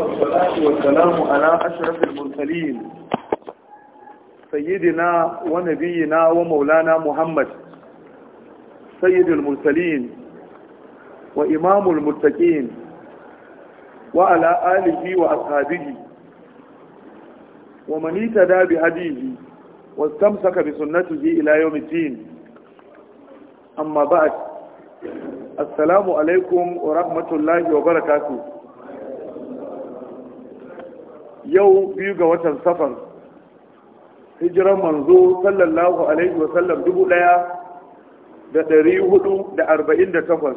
والصلاة والسلام على أشرف المرسلين سيدنا ونبينا ومولانا محمد سيد المرسلين وإمام المتقين وعلى آله وأصحابه ومن اهتدى بهديه واستمسك بسنته إلى يوم الدين أما بعد السلام عليكم ورحمة الله وبركاته yau biyu ga watan safar hijiran manzo sallallahu alaihi wa sallam dubu daya da dari hudu da arba'in da takwas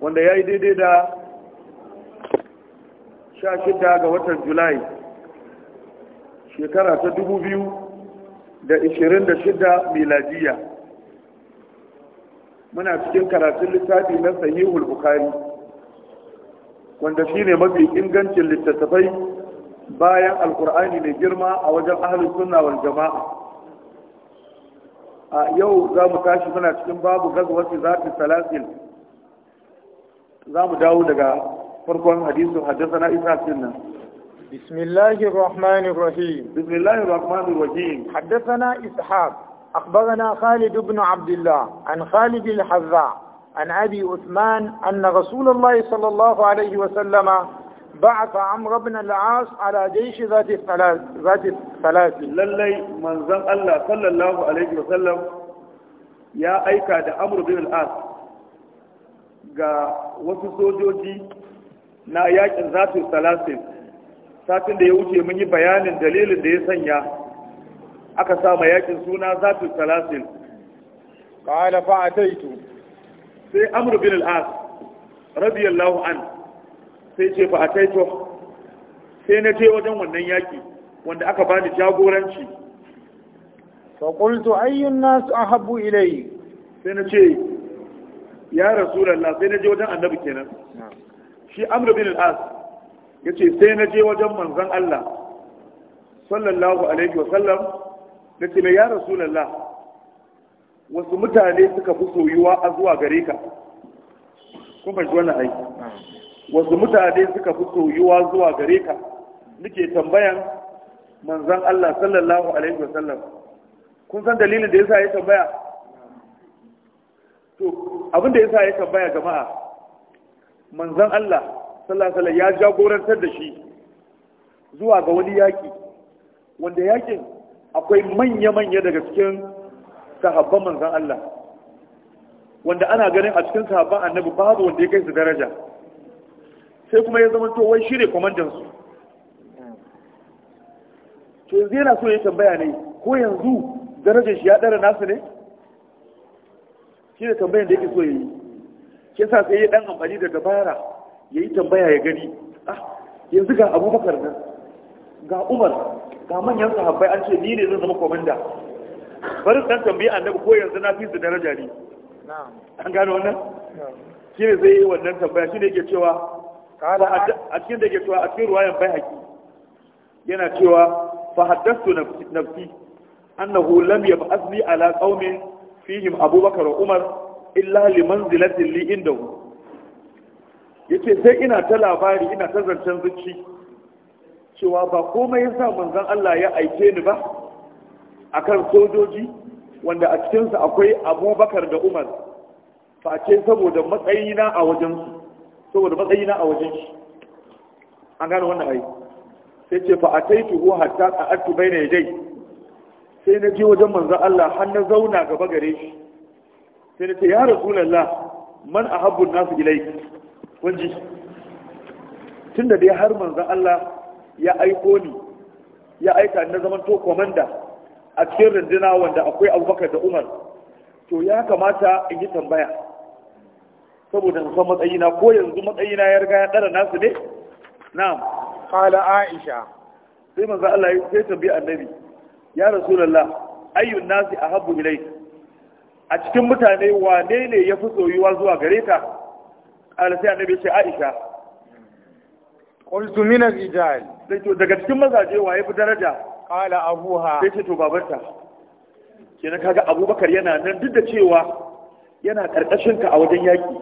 wanda ya yi daidai da sha shida ga watan julai shekara ta dubu biyu da ishirin da shida miladiya muna cikin karatun littafi na sahihul bukari wanda shi ne mafi ingancin littattafai bayan alkur'ani mai girma a wajen ahalin sunna wal jama'a a yau za mu tashi muna cikin babu gazawar zati salasil za mu dawo daga farkon hadisin haddasa isa sinna بسم الله الرحمن الرحيم بسم الله الرحمن الرحيم حدثنا إسحاق أخبرنا خالد بن عبد الله عن خالد الحذاء عن أبي عثمان أن رسول الله صلى الله عليه وسلم بعث عمرو بن العاص على جيش ذات الثلاث ذات الثلاث للي من زم الله صلى الله عليه وسلم يا أيكا دا عمرو بن العاص ga wasu sojoji na yakin zatu salasin satin da ya wuce mun yi bayanin dalilin da ya sanya aka sama yakin suna zatu salasin qala fa ataitu sai amru bin al’as radiyallahu an sai ce fa taito? sai na je wajen wannan yaki wanda aka bani jagoranci fa qultu ayyun a Habu ilai. sai na ce ya lalla. sai na je wajen annabi kenan shi amru bin al’as ya ce sai na je wajen manzan Allah sallallahu alaihi wa sallam ce mai ya lalla. wasu mutane suka fi soyuwa a zuwa gare ka kun fahimci wannan aiki. wasu mutane suka fi soyuwa zuwa gare ka nike tambayan manzon Allah sallallahu alaihi wasallam kun san dalilin da yasa ya tambaya to abin da yasa ya tambaya jama'a manzon Allah sallallahu alaihi ya jagorantar da shi zuwa ga wani yaki wanda yakin akwai manya-manya daga cikin sahabban manzan Allah wanda ana ganin a cikin sahabban annabi babu wanda ya kai su daraja sai kuma ya zama towai shi ne kwamandansu. to yanzu yana so ya tambaya ne ko yanzu darajar shi ya dara nasu ne Shi ne tambayar da yake so ya yi ke sa sai ya dan amfani da dabara ya yi tambaya ya gani ah yanzu ga Abubakar nan ga Umar ga manyan sahabbai an ce ni ne zan zama komanda bari dan tambayi annabi ko yanzu na fi su daraja ne an gano wannan shi ne zai yi wannan tambaya shi ne ke cewa a cikin da ke cewa a cikin ruwayan bai haƙi yana cewa fa haddastu nafsi annahu lam yab'athni ala qaumin fihim abubakar wa umar illa li inda. li indahu yace sai ina ta labari ina ta zancen zuci cewa ba komai yasa manzon Allah ya aike ni ba akan sojoji wanda a cikinsu akwai abubakar da umar face saboda matsayina a wajen saboda matsayina a wajen shi an gane wannan ai sai ce fa ataitu hu hatta qa'adtu bayna yadayhi sai na je wajen manzon Allah har na zauna gaba gare shi sai na ce ya rasulullah man ahabbu nasu nas ilayka wanji tunda dai har manzon Allah ya aiko ni ya aika na zaman to komanda a cikin rundina wanda akwai abubakar da umar to ya kamata in yi tambaya saboda in san matsayina ko yanzu matsayina ya riga ya ɗara nasu ne Na. fada aisha sai manzo Allah ya sai tambayi annabi ya rasulullah ayyun nasi ahabbu ilai a cikin mutane wane ne ya fi soyuwa zuwa gare ka qala sai annabi ya aisha qultu min ar-rijal sai to daga cikin mazaje waye fi daraja qala abuha sai ce to babarta kenan kaga abubakar yana nan duk da cewa yana karkashin ka a wajen yaki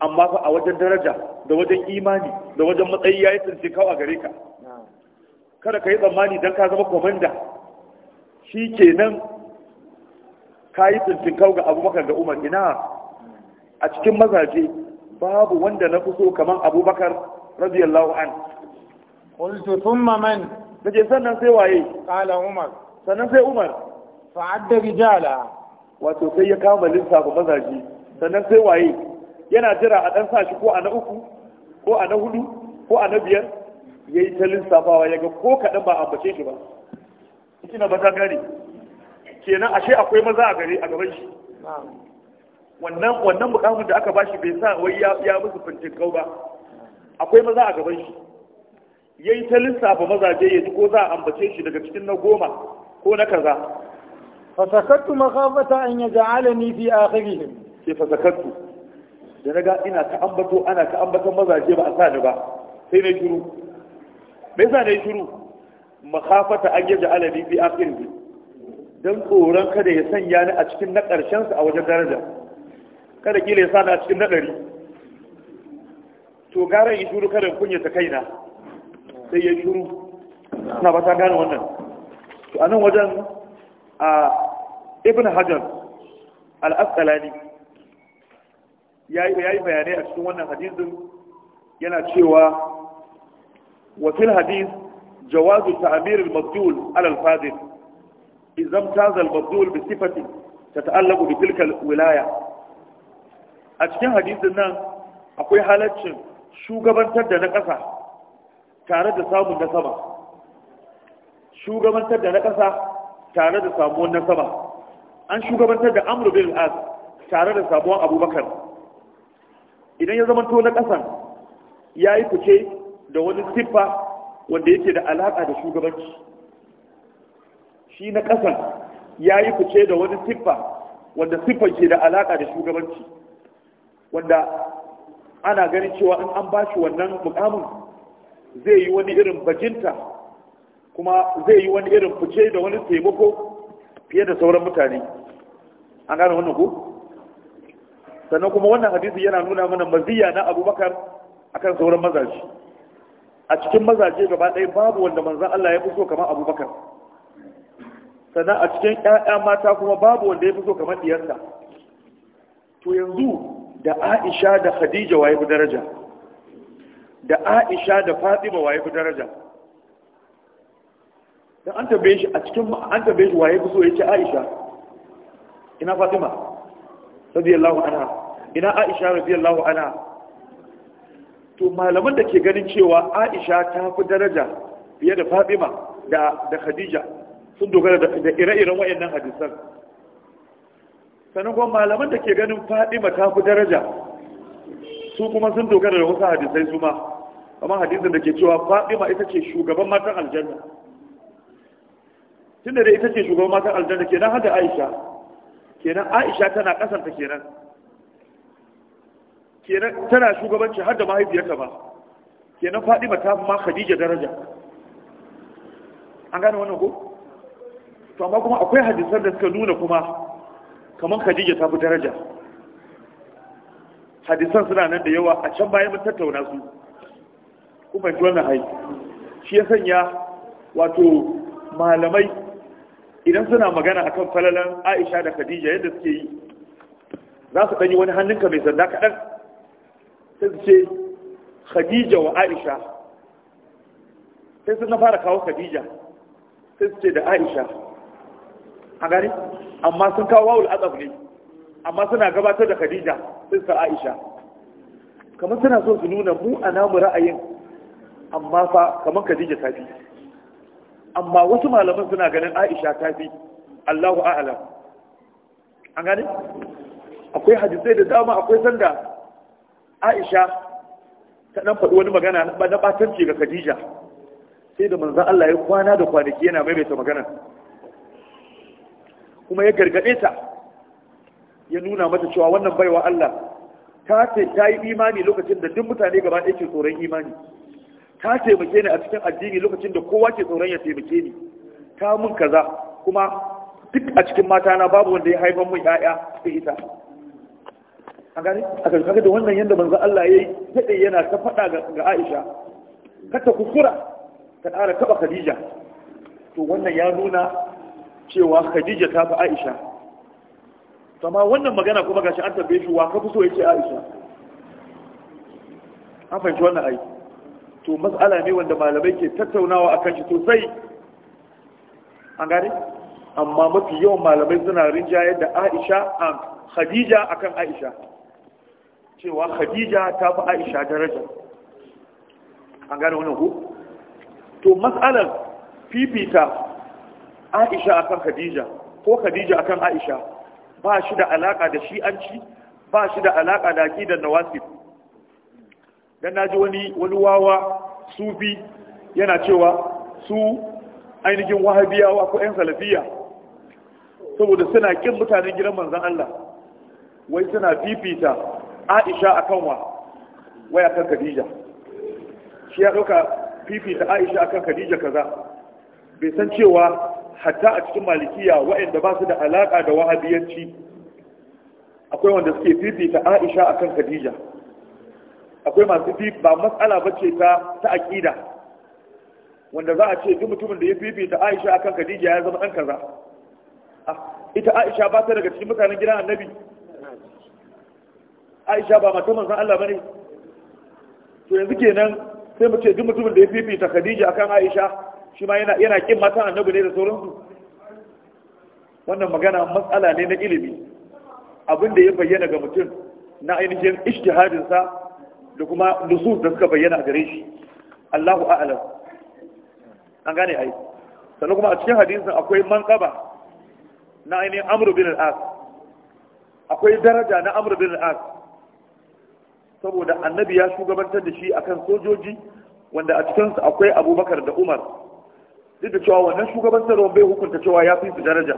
amma fa a wajen daraja da wajen imani da wajen matsayi yayi tsinci kawa gare ka kada ka yi tsammani dan ka zama komanda shi kenan ka yi tsinci kawa ga abubakar da umar ina a cikin mazaje babu wanda na fi so kamar abubakar radiyallahu an qultu thumma man nace sannan sai waye kala umar sannan sai umar fa adda rijala wato sai ya kama linsa lissafa mazaji sannan sai waye yana jira a dan sa shi ko a na uku ko a na hudu ko a na biyar yayi ta ya ga ko kadan ba bace shi ba kina ba ta gane kenan ashe akwai maza a gare a gaban shi wannan wannan mukamin da aka bashi bai sa wai ya musu fintin kau ba akwai maza a gaban shi ya yi ta lissafa mazaje ya ji ko za a ambace shi daga cikin na goma ko na kaza fasakattu makafata an ya ja'ala ni fi akhirihim Ke fasakattu da na ga ina ta ambato ana ta mazaje ba a sa ni ba sai na shiru me yasa na shiru makafata an yi ja'ala ni fi akhirihim dan tsoron kada ya sanya ni a cikin na ƙarshen su a wajen daraja kada kila ya sa ni a cikin na ɗari to gara in shiru kada kunyata kaina sai ya shuru na ba ta gane wannan to a nan wajen a ibn hajar al-asqalani ya yi bayanai a cikin wannan hadisin yana cewa wa hadis jawazu ta'mir al-mabdul ala al-fadil idan taza mabdul bi sifati tata'allaqu bi wilaya a cikin hadisin nan akwai halaccin shugabantar da na ƙasa tare da samun na sama shugabantar da na ƙasa tare da samuwan na sama an shugabantar da amur bin al’ad tare da samuwan abubakar idan ya zama to na ƙasan ya yi fice da wani siffa wanda yake da alaƙa da shugabanci shi na ƙasan ya yi fice da wani siffa wanda siffan ke da alaƙa da shugabanci wanda ana ganin cewa an ba shi wannan muƙamun? zai yi wani irin bajinta kuma zai yi wani irin fice da wani taimako fiye da sauran mutane an gane wannan ku sannan kuma wannan hadisi yana nuna mana maziya na abubakar akan sauran mazaje a cikin mazaje gaba ɗaya babu wanda manzan Allah ya fi so kamar abubakar sannan a cikin ƴaƴa mata kuma babu wanda ya fi so kamar diyarsa to yanzu da aisha da khadija waye fi daraja da aisha da fatima waye fi daraja dan an tabbe shi a cikin an tabbe shi waye fi so yace aisha ina fatima radiyallahu anha ina aisha radiyallahu anha to malaman da ke ganin cewa aisha ta fi daraja fiye da fatima da da khadija sun dogara da ire-iren wayannan hadisan sanin kuma malaman da ke ganin fadima ta fi daraja su kuma sun dogara da wasu hadisai su ma kamar hadisin da ke cewa fatima ita ce shugaban matan aljanna tunda da ita ce shugaban matan aljanna kenan hada aisha kenan aisha tana kasanta kenan kenan tana shugabanci har da mahaifiyarta ba kenan fatima ta ma khadija daraja an gane wannan ko to amma kuma akwai hadisan da suka nuna kuma kamar khadija ta fi daraja hadisan suna nan da yawa a can bayan mun tattauna su kuma fahimci wannan hai shi ya sanya wato malamai idan suna magana akan falalan Aisha da Khadija yadda suke yi za su ɗanyi wani hannunka mai sanda kaɗan sai su ce Khadija wa Aisha sai sun na fara kawo Khadija sai su ce da Aisha a gani amma sun kawo wawul azab ne amma suna gabatar da Khadija sai su Aisha kamar suna so su nuna mu a namu ra'ayin amma fa kamar Kadija ta fi amma wasu malaman suna ganin Aisha ta fi Allahu a'ala. an gane akwai hadisai da dama akwai sanda Aisha ta dan faɗi wani magana na batanci ga Khadija sai da manzon Allah ya kwana da kwanaki yana maimaita magana kuma ya gargade ta ya nuna mata cewa wannan baiwa Allah ta ce ta yi imani lokacin da duk mutane gaba ɗaya ke tsoron imani ka taimake ni a cikin addini lokacin da kowa ke tsoron ya taimake ni ka mun kaza kuma duk a cikin mata na babu wanda ya haifan mun ya'ya sai ita a gani a kan kaga da wannan yanda manzo Allah yayi dade yana ta fada ga Aisha ka ta kuskura ka ƙara taba Khadija to wannan ya nuna cewa Khadija ta fi Aisha amma wannan magana kuma gashi an tabbe shi wa ka fi so yace Aisha an fahimci wannan aiki to matsala ne wanda malamai ke tattaunawa akan shi sosai an gane amma mafi yawan malamai suna rinjayar da aisha a khadija akan aisha cewa khadija ta fi aisha daraja an gane wani ku to matsalar fifita aisha akan khadija ko khadija akan aisha ba shi da alaka da shi'anci ba shi da alaka da da nawasif dan naji wani wani wawa sufi yana cewa su ainihin wahabiyawa ko yan salafiya saboda suna kin mutanen gidan manzon Allah wai suna fifita Aisha akan wa a kan Khadija shi ya ɗauka fifita Aisha akan Khadija kaza bai san cewa hatta a cikin malikiya waɗanda ba su da alaƙa da wahabiyanci akwai wanda suke fifita aisha akan khadija akwai masu bi ba matsala ba ce ta ta wanda za a ce duk mutumin da ya fifita aisha akan khadija ya zama ɗan kaza ah, ita aisha ba ta daga cikin mutanen gidan annabi aisha ba mata manzon Allah bane to yanzu kenan sai mu ce duk mutumin da ya fifita khadija akan aisha shi ma yana yana kin matan annabi ne da sauransu wannan magana matsala ne na ilimi abin da ya bayyana ga mutum na ainihin ijtihadin sa da kuma nusus da suka bayyana a gare shi Allahu a'lam an gane ai sannan kuma a cikin hadisin akwai manqaba na ainihin amru bin al-As akwai daraja na amru bin al-As saboda annabi ya shugabantar da shi akan sojoji wanda a cikinsu akwai Abubakar da Umar duk da cewa wannan shugabantarwar bai hukunta cewa ya fi su daraja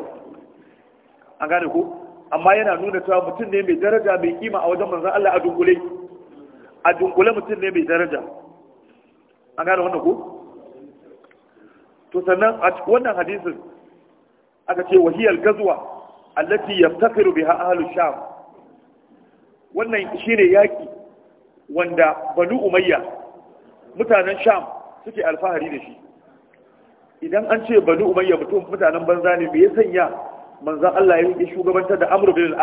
an gane ko amma yana nuna cewa mutum ne mai daraja mai kima a wajen manzan Allah a dunkule a dunkule mutum ne mai daraja an gane wannan ko to sannan a wannan hadisin aka ce wahiyar gazuwa allati yaftakiru biha ahalu sham wannan shi ne yaƙi. wanda banu umayya mutanen sham suke alfahari da shi idan an ce banu umayya mutum mutanen banza ne me ya sanya Manzan Allah ya yi shugabantar da Amurbin bin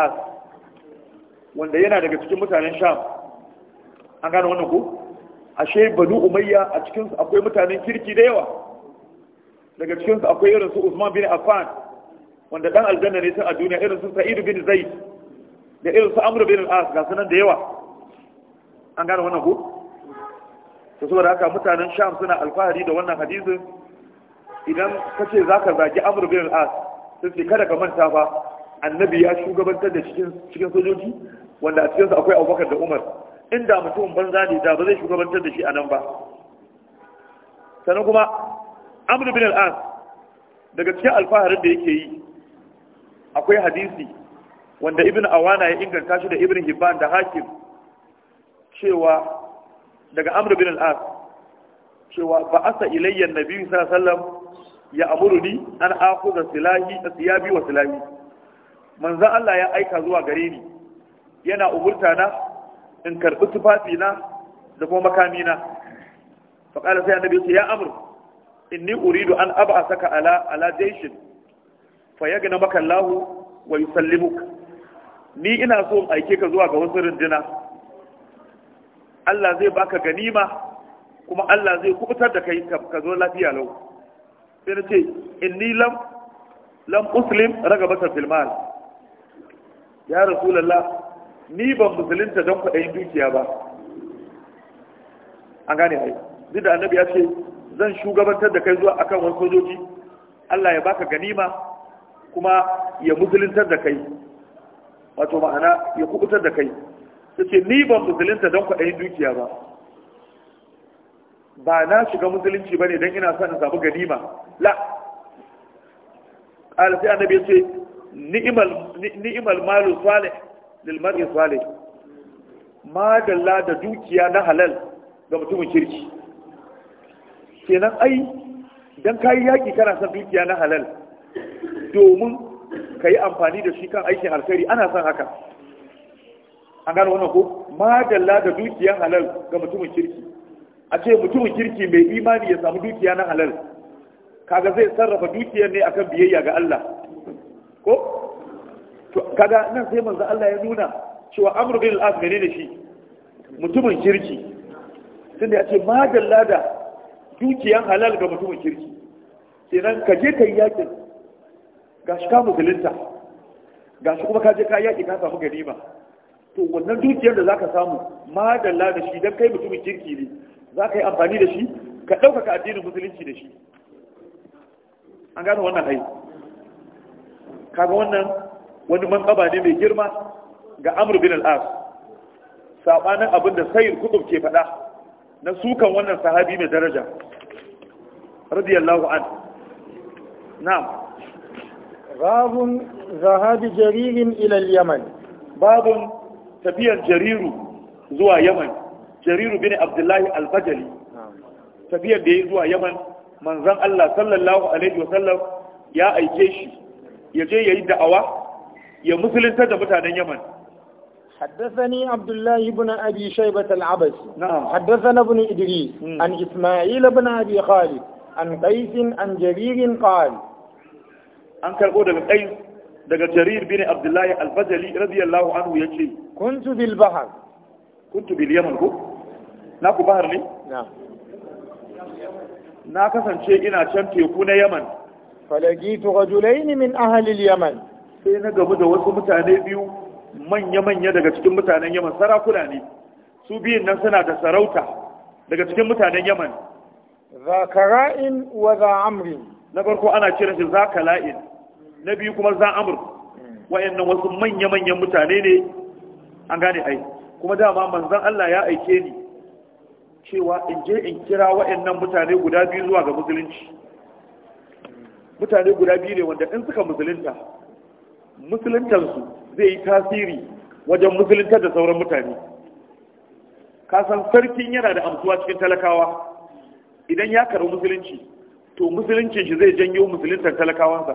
wanda yana daga cikin mutanen sham an gane wannan ko ashe banu umayya a cikinsu akwai mutanen kirki da yawa daga cikinsu akwai irin su usman bin affan wanda dan aljanna ne sun a duniya irin su sa'id bin zaid da irin su amr bin al-as ga sanan da yawa an gane wannan ko to saboda haka mutanen sham suna alfahari da wannan hadisi idan kace zaka zagi amr bin al-as sai ce kada ka manta fa annabi ya shugabantar da cikin cikin sojoji wanda a cikinsu akwai abubakar da umar inda mutum banza ne da ba zai shugabantar da shi a nan ba sannan kuma amr bin al'as daga cikin alfaharin da yake yi akwai hadisi wanda ibn awana ya inganta shi da ibn hibban da hakim cewa daga amr bin al'as cewa ba asa ilayya nabi sallallahu alaihi wasallam ya amuruni an akhudha silahi asiyabi wa silahi manzo Allah ya aika zuwa gare ni yana umurta na in karɓi tufafi na da kuma makami na fa qala sai annabi ya amr inni uridu an aba ala ala jayshin fa yagna maka Allah wa yusallimuka ni ina so in aike ka zuwa ga wasu runduna Allah zai baka ganima kuma Allah zai kubutar da kai ka zo lafiya lau sai na ce inni lam lam muslim ragabata fil mal ya rasulullah ni ban musulunta don kwaɗayin dukiya ba an gane ai duk da annabi ya ce zan shugabantar da kai zuwa akan wani sojoji Allah ya baka ganima kuma ya musulunta da kai wato ma'ana ya kubutar da kai ce ni ban musulunta don kwaɗayin dukiya ba ba na shiga musulunci ba ne don ina son in samu ganima la ƙala annabi ya ce ni'imal malu salih lilmari salih madalla da dukiya na halal ga mutumin kirki kenan ai don kayi yaƙi kana son dukiya na halal domin ka yi amfani da shi kan aikin alkhairi ana son haka an gano wannan ko madalla da dukiya halal ga mutumin kirki a ce mutumin kirki mai imani ya samu dukiya na halal kaga zai sarrafa dukiyar ne akan biyayya ga Allah ko to kaga nan sai manzo Allah ya nuna cewa amru bil as da shi mutumin kirki tunda ya ce madalla da dukiyan halal ga mutumin kirki sai nan ka je kai ga gashi ka musulunta gashi kuma ka je kai yaki ka samu ganima to wannan dukiyar da zaka samu madalla da shi dan kai mutumin kirki ne zaka yi amfani da shi ka ɗaukaka addinin musulunci da shi an gano wannan hai kaga wannan wani manƙaba ne mai girma ga amr bin al-as sabanin abin da sayyid kutub ke faɗa na sukan wannan sahabi mai daraja radiyallahu an na'am babun zahabi jaririn ila yaman babun tafiyar jariru zuwa yaman jariru bin abdullahi al-bajali tafiyar da ya zuwa yaman manzon Allah sallallahu alaihi wasallam ya aike shi ya je ya yi da'awa ya musulunta da mutanen Yaman حدثني عبد الله بن أبي شيبة العبسي نعم حدثنا ابن إدريس مم. عن إسماعيل بن أبي خالد عن قيس عن جرير قال عن كالقودة قيس دقى جرير بن عبد الله البجلي رضي الله عنه يجي كنت بالبحر كنت باليمن كو ناكو بحر لي نعم ناكسن شيء إنا شمتي يكون يمن فلقيت رجلين من أهل اليمن sai na gamu da wasu mutane biyu manya-manya daga cikin mutanen yaman sarakuna ne su biyun nan suna da sarauta daga cikin mutanen yaman zakara'in wa za'amri na farko ana cire shi zakala'in na biyu kuma za'amr wayannan wasu manya-manyan mutane ne an gane ai kuma dama manzan Allah ya aike ni cewa in je in kira nan mutane guda biyu zuwa ga musulunci mutane guda biyu ne wanda in suka musulunta Musuluntarsu zai yi tasiri wajen musuluntar da sauran mutane kasan sarkin yana da amsuwa cikin talakawa idan ya karu musulunci to musuluncin shi zai janyo musuluntar talakawansa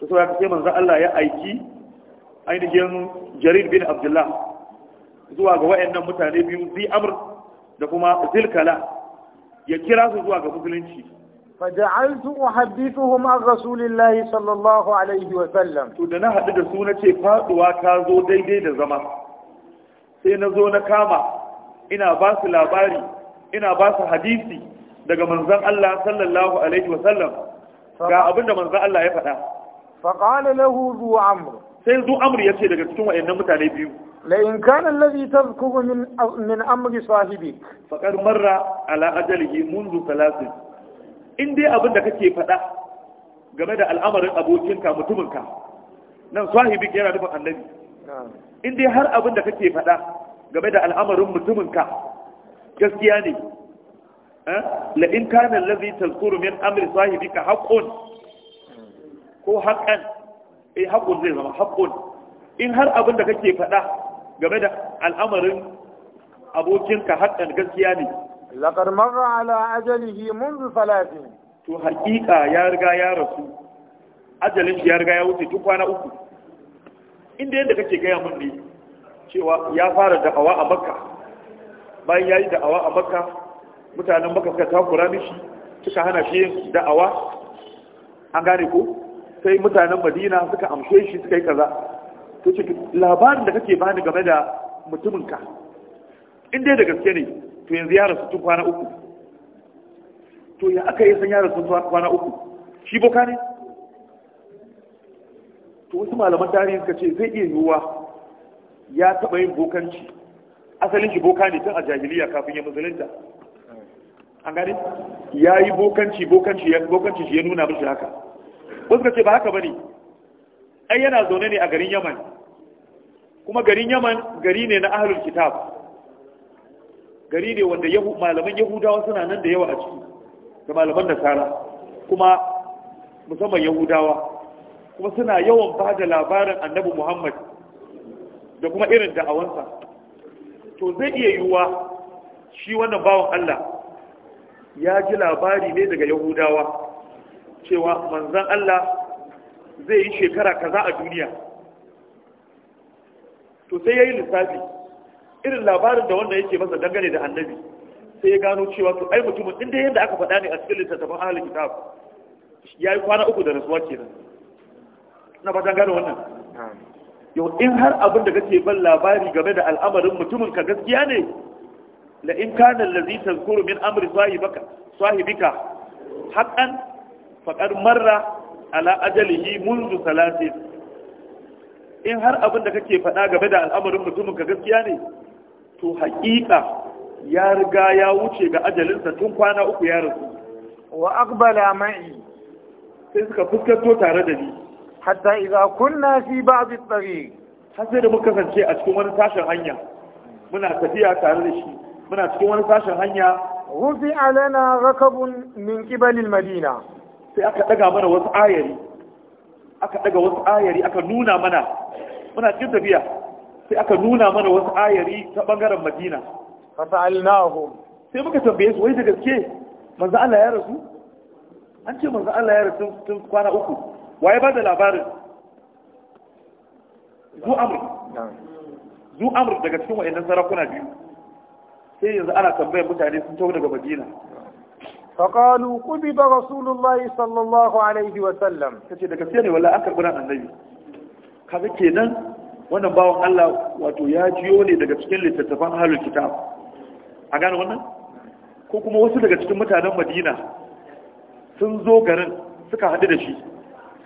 ta sauraka kasai manzan Allah ya aiki ainihin jarir bin abdullah zuwa ga wa'annan mutane biyu Zai amur da kuma zilkala ya kira su zuwa ga musulunci فجعلت أحدثهم عن رسول الله صلى الله عليه وسلم zo daidai da zama. Sai na zo na kama ina ba su labari, ina ba su hadisi, daga manzon Allah sallallahu alaihi wasallam ga abinda manzon Allah ya faɗa faqala lahu zu amr sai zu ya yace daga cikin wayannan mutane biyu la in kana alladhi tadhkuru min min amri sahibik Fakar marra ala ajalihi منذ ثلاثه in dai abin da kake faɗa game da al'amarin abokinka mutuminka nan sahibi yana nufin annabi in dai har abin da kake faɗa game da al'amarin mutuminka gaskiya ne eh? la in kana allazi tazkuru min amri sahibika haqqun ko haqqan eh haqqun zai zama haqqun in har abin da kake faɗa game da al'amarin abokinka haqqan gaskiya ne laqad marra ala ajalihi منذ salatin to hakika ya riga ya rasu ajalin shi ya riga ya wuce tun kwana uku inda yadda kake gaya mun ne cewa ya fara da'awa a makka bayan ya yi da'awa a makka mutanen makka suka takura mishi suka hana shi yin da'awa an gane ko sai mutanen madina suka amshe shi suka yi kaza labarin da kake bani game da mutuminka in dai da gaske ne to yanzu ya rasu tun kwana uku to ya aka yi san ya rasu kwana uku shi boka ne to wasu malaman tarihi suka ce zai iya yiwuwa ya taɓa yin bokanci asalin shi boka ne tun a jahiliya kafin ya musulunta an gane ya yi bokanci bokanci ya bokanci shi ya nuna mishi haka wasu ka ce ba haka bane ai yana zaune ne a garin yaman kuma garin yaman gari ne na ahlul kitab gari ne wanda malaman yahudawa suna nan da yawa a ciki da malaman nasara kuma musamman yahudawa kuma suna yawan ba da labarin annabi muhammad da kuma irin da'awansa to zai iya yiwuwa shi wannan bawan allah ya ji labari ne daga yahudawa cewa manzan allah zai yi shekara kaza a duniya to sai ya yi lissafi irin labarin da wanda yake masa dangane da annabi sai ya gano cewa to ai mutumin inda yadda aka faɗa ne a cikin littattafan ahli kitab ya yi kwana uku da rasuwa kenan na ba dangane wannan yau in har abin da kake ban labari game da al'amarin mutumin ka gaskiya ne la in kana allazi tazkuru min amri sahibaka sahibika haqqan faqad marra ala ajalihi mundu ثلاثين in har abin da kake faɗa game da al'amarin mutumin ka gaskiya ne to haƙiƙa ya riga ya wuce ga ajalinsa tun kwana uku ya rasu wa aqbala ma'i sai suka fuskanto tare da ni hatta idza kunna fi ba'd at-tariq har sai da muka kasance a cikin wani tashin hanya muna tafiya tare da shi muna cikin wani tashin hanya rufi alana rakabun min qibali al-madina sai aka daga mana wasu ayari aka daga wasu ayari aka nuna mana muna cikin tafiya sai aka nuna mana wasu ayari ta bangaren madina fasa'alnahum sai muka tambaye su wai da gaske Maza Allah ya rasu an ce Maza Allah ya rasu tun kwana uku waye ba da labarin zu amr zu daga cikin wayannan sarakuna biyu sai yanzu ana tambayar mutane sun tawo daga madina فقالوا قبض رسول الله صلى الله عليه وسلم kace daga sai ne wallahi an karbi ran annabi kaga kenan wannan bawan Allah wato ya jiyo ne daga cikin littattafan halin kitab a gane wannan ko kuma wasu daga cikin mutanen Madina sun zo garin suka haɗu da shi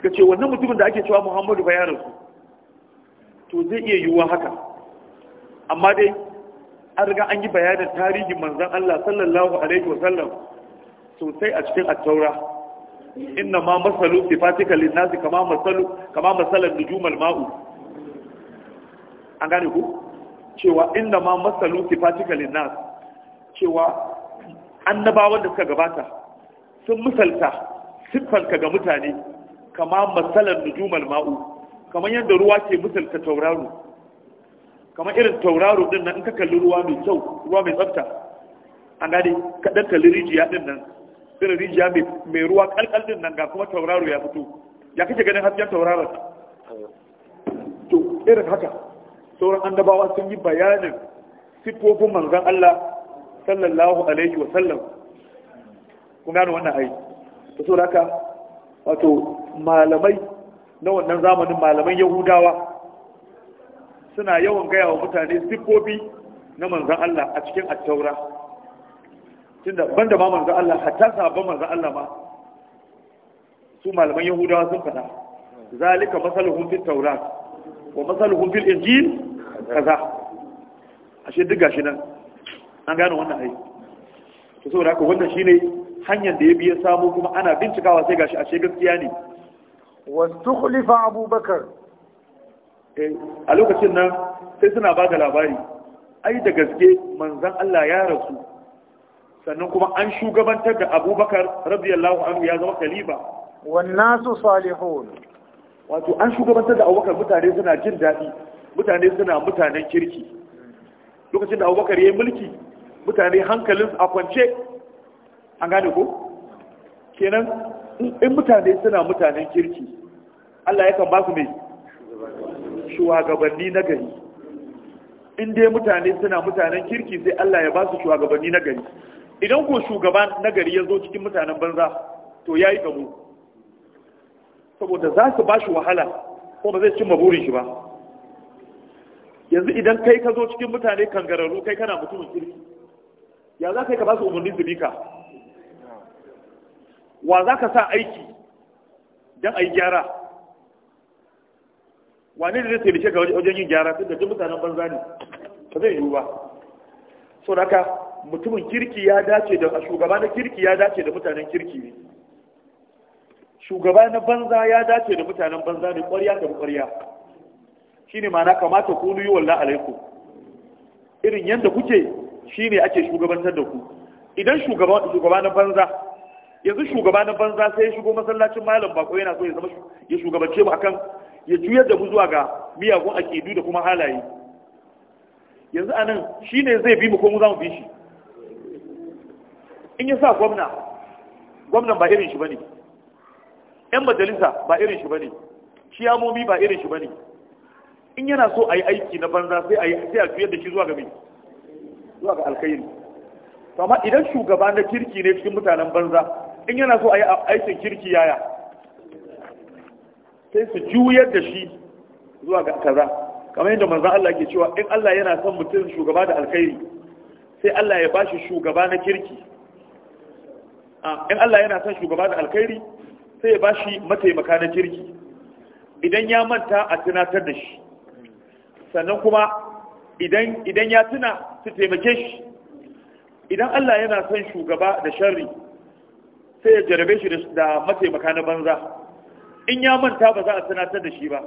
suka ce wannan mutumin da ake cewa Muhammadu ba yaron su to zai iya yiwuwa haka amma dai an riga an yi bayanin tarihin manzon Allah sallallahu alaihi Wasallam, sosai a cikin attaura. inna ma masalu sifatika lin-nasi kama masalu kama masalan ma'u an gane ku cewa inda ma masalu sifatikalin nas cewa annabawan da suka gabata sun misalta siffanka ga mutane kama matsalar nujumar ma'u kamar yadda ruwa ke misalta tauraro kamar irin tauraro din nan in ka kalli ruwa mai kyau ruwa mai tsafta an gane kaɗan kalli rijiya din nan irin rijiya mai ruwa ƙalƙal din nan ga kuma tauraro ya fito ya kake ganin hasken tauraron to irin haka sauran annabawa sun yi bayanin sifofin manzan Allah sallallahu alaihi wa sallam kun gano wannan ai to so haka wato malamai na wannan zamanin malaman yahudawa suna yawan gaya wa mutane sifofi na manzan Allah a cikin attaura tunda banda ma manzan Allah hatta sabon manzan Allah ma su malaman yahudawa sun faɗa zalika masaluhum fit taurat wa masaluhum fil injil kaza ashe duk gashi nan an gano wannan ai to saboda haka wannan shine hanyar da ya biya samu kuma ana bincikawa sai gashi ashe gaskiya ne wastukhlifa abubakar eh, a lokacin nan sai suna ba da labari ai da gaske manzan Allah ya rasu sannan kuma an shugabantar da abubakar radiyallahu anhu ya zama khalifa wannan su salihun wato an shugabantar da abubakar mutane suna jin daɗi mutane suna mutanen kirki lokacin da abubakar ya yi mulki mutane hankalin a kwance an gane ko kenan in mutane suna mutanen kirki allah ya kan ba su mai shugabanni na gari in dai mutane suna mutanen kirki sai allah ya ba su shugabanni na gari idan ko shugaban na gari ya zo cikin mutanen banza to ya yi gabo saboda za su ba shi wahala ko ba zai cimma burin shi ba yanzu idan kai ka zo cikin mutane kangararru kai kana mutumin kirki ya za ka yi ka ba su umarnin su bika wa za ka sa aiki don a yi gyara Wani da zai taimake ga wajen yin gyara tun da jin mutanen banza ne ba zai yi ba so da mutumin kirki ya dace da shugaba na kirki ya dace da mutanen kirki ne shugaba na banza ya dace da mutanen banza ne ƙwarya da ƙwarya shine ma'ana kamata ku nuyi wallahi alaikum irin yanda kuke shine ake shugabantar da ku idan shugaba na banza yanzu shugaba na banza sai ya shigo masallacin malam bako yana so ya zama ya shugabance mu akan ya juyar da mu zuwa ga miyagun akidu da kuma halaye yanzu anan shine zai bi mu ko mu za mu bi shi in ya sa gwamna gwamnan ba irin shi bane yan majalisa ba irin shi ba ya ciyamomi ba irin shi ba ne. in yana so a yi aiki na banza sai a yi sai da shi zuwa ga mai zuwa ga alkhairi to amma idan shugaba na kirki ne cikin mutanen banza in yana so a yi aikin kirki yaya sai su juyar da shi zuwa ga kaza kamar yadda manzan Allah ke cewa in Allah yana son mutum shugaba da alkhairi sai Allah ya bashi shugaba na kirki ah, in Allah yana son shugaba da alkhairi sai ya ba shi mataimaka na kirki idan ya manta a tunatar da shi sannan kuma idan ya tuna su taimake shi idan Allah yana son shugaba da shari sai ya jarabe shi da mataimaka na banza in ya manta ba za a tunatar da shi ba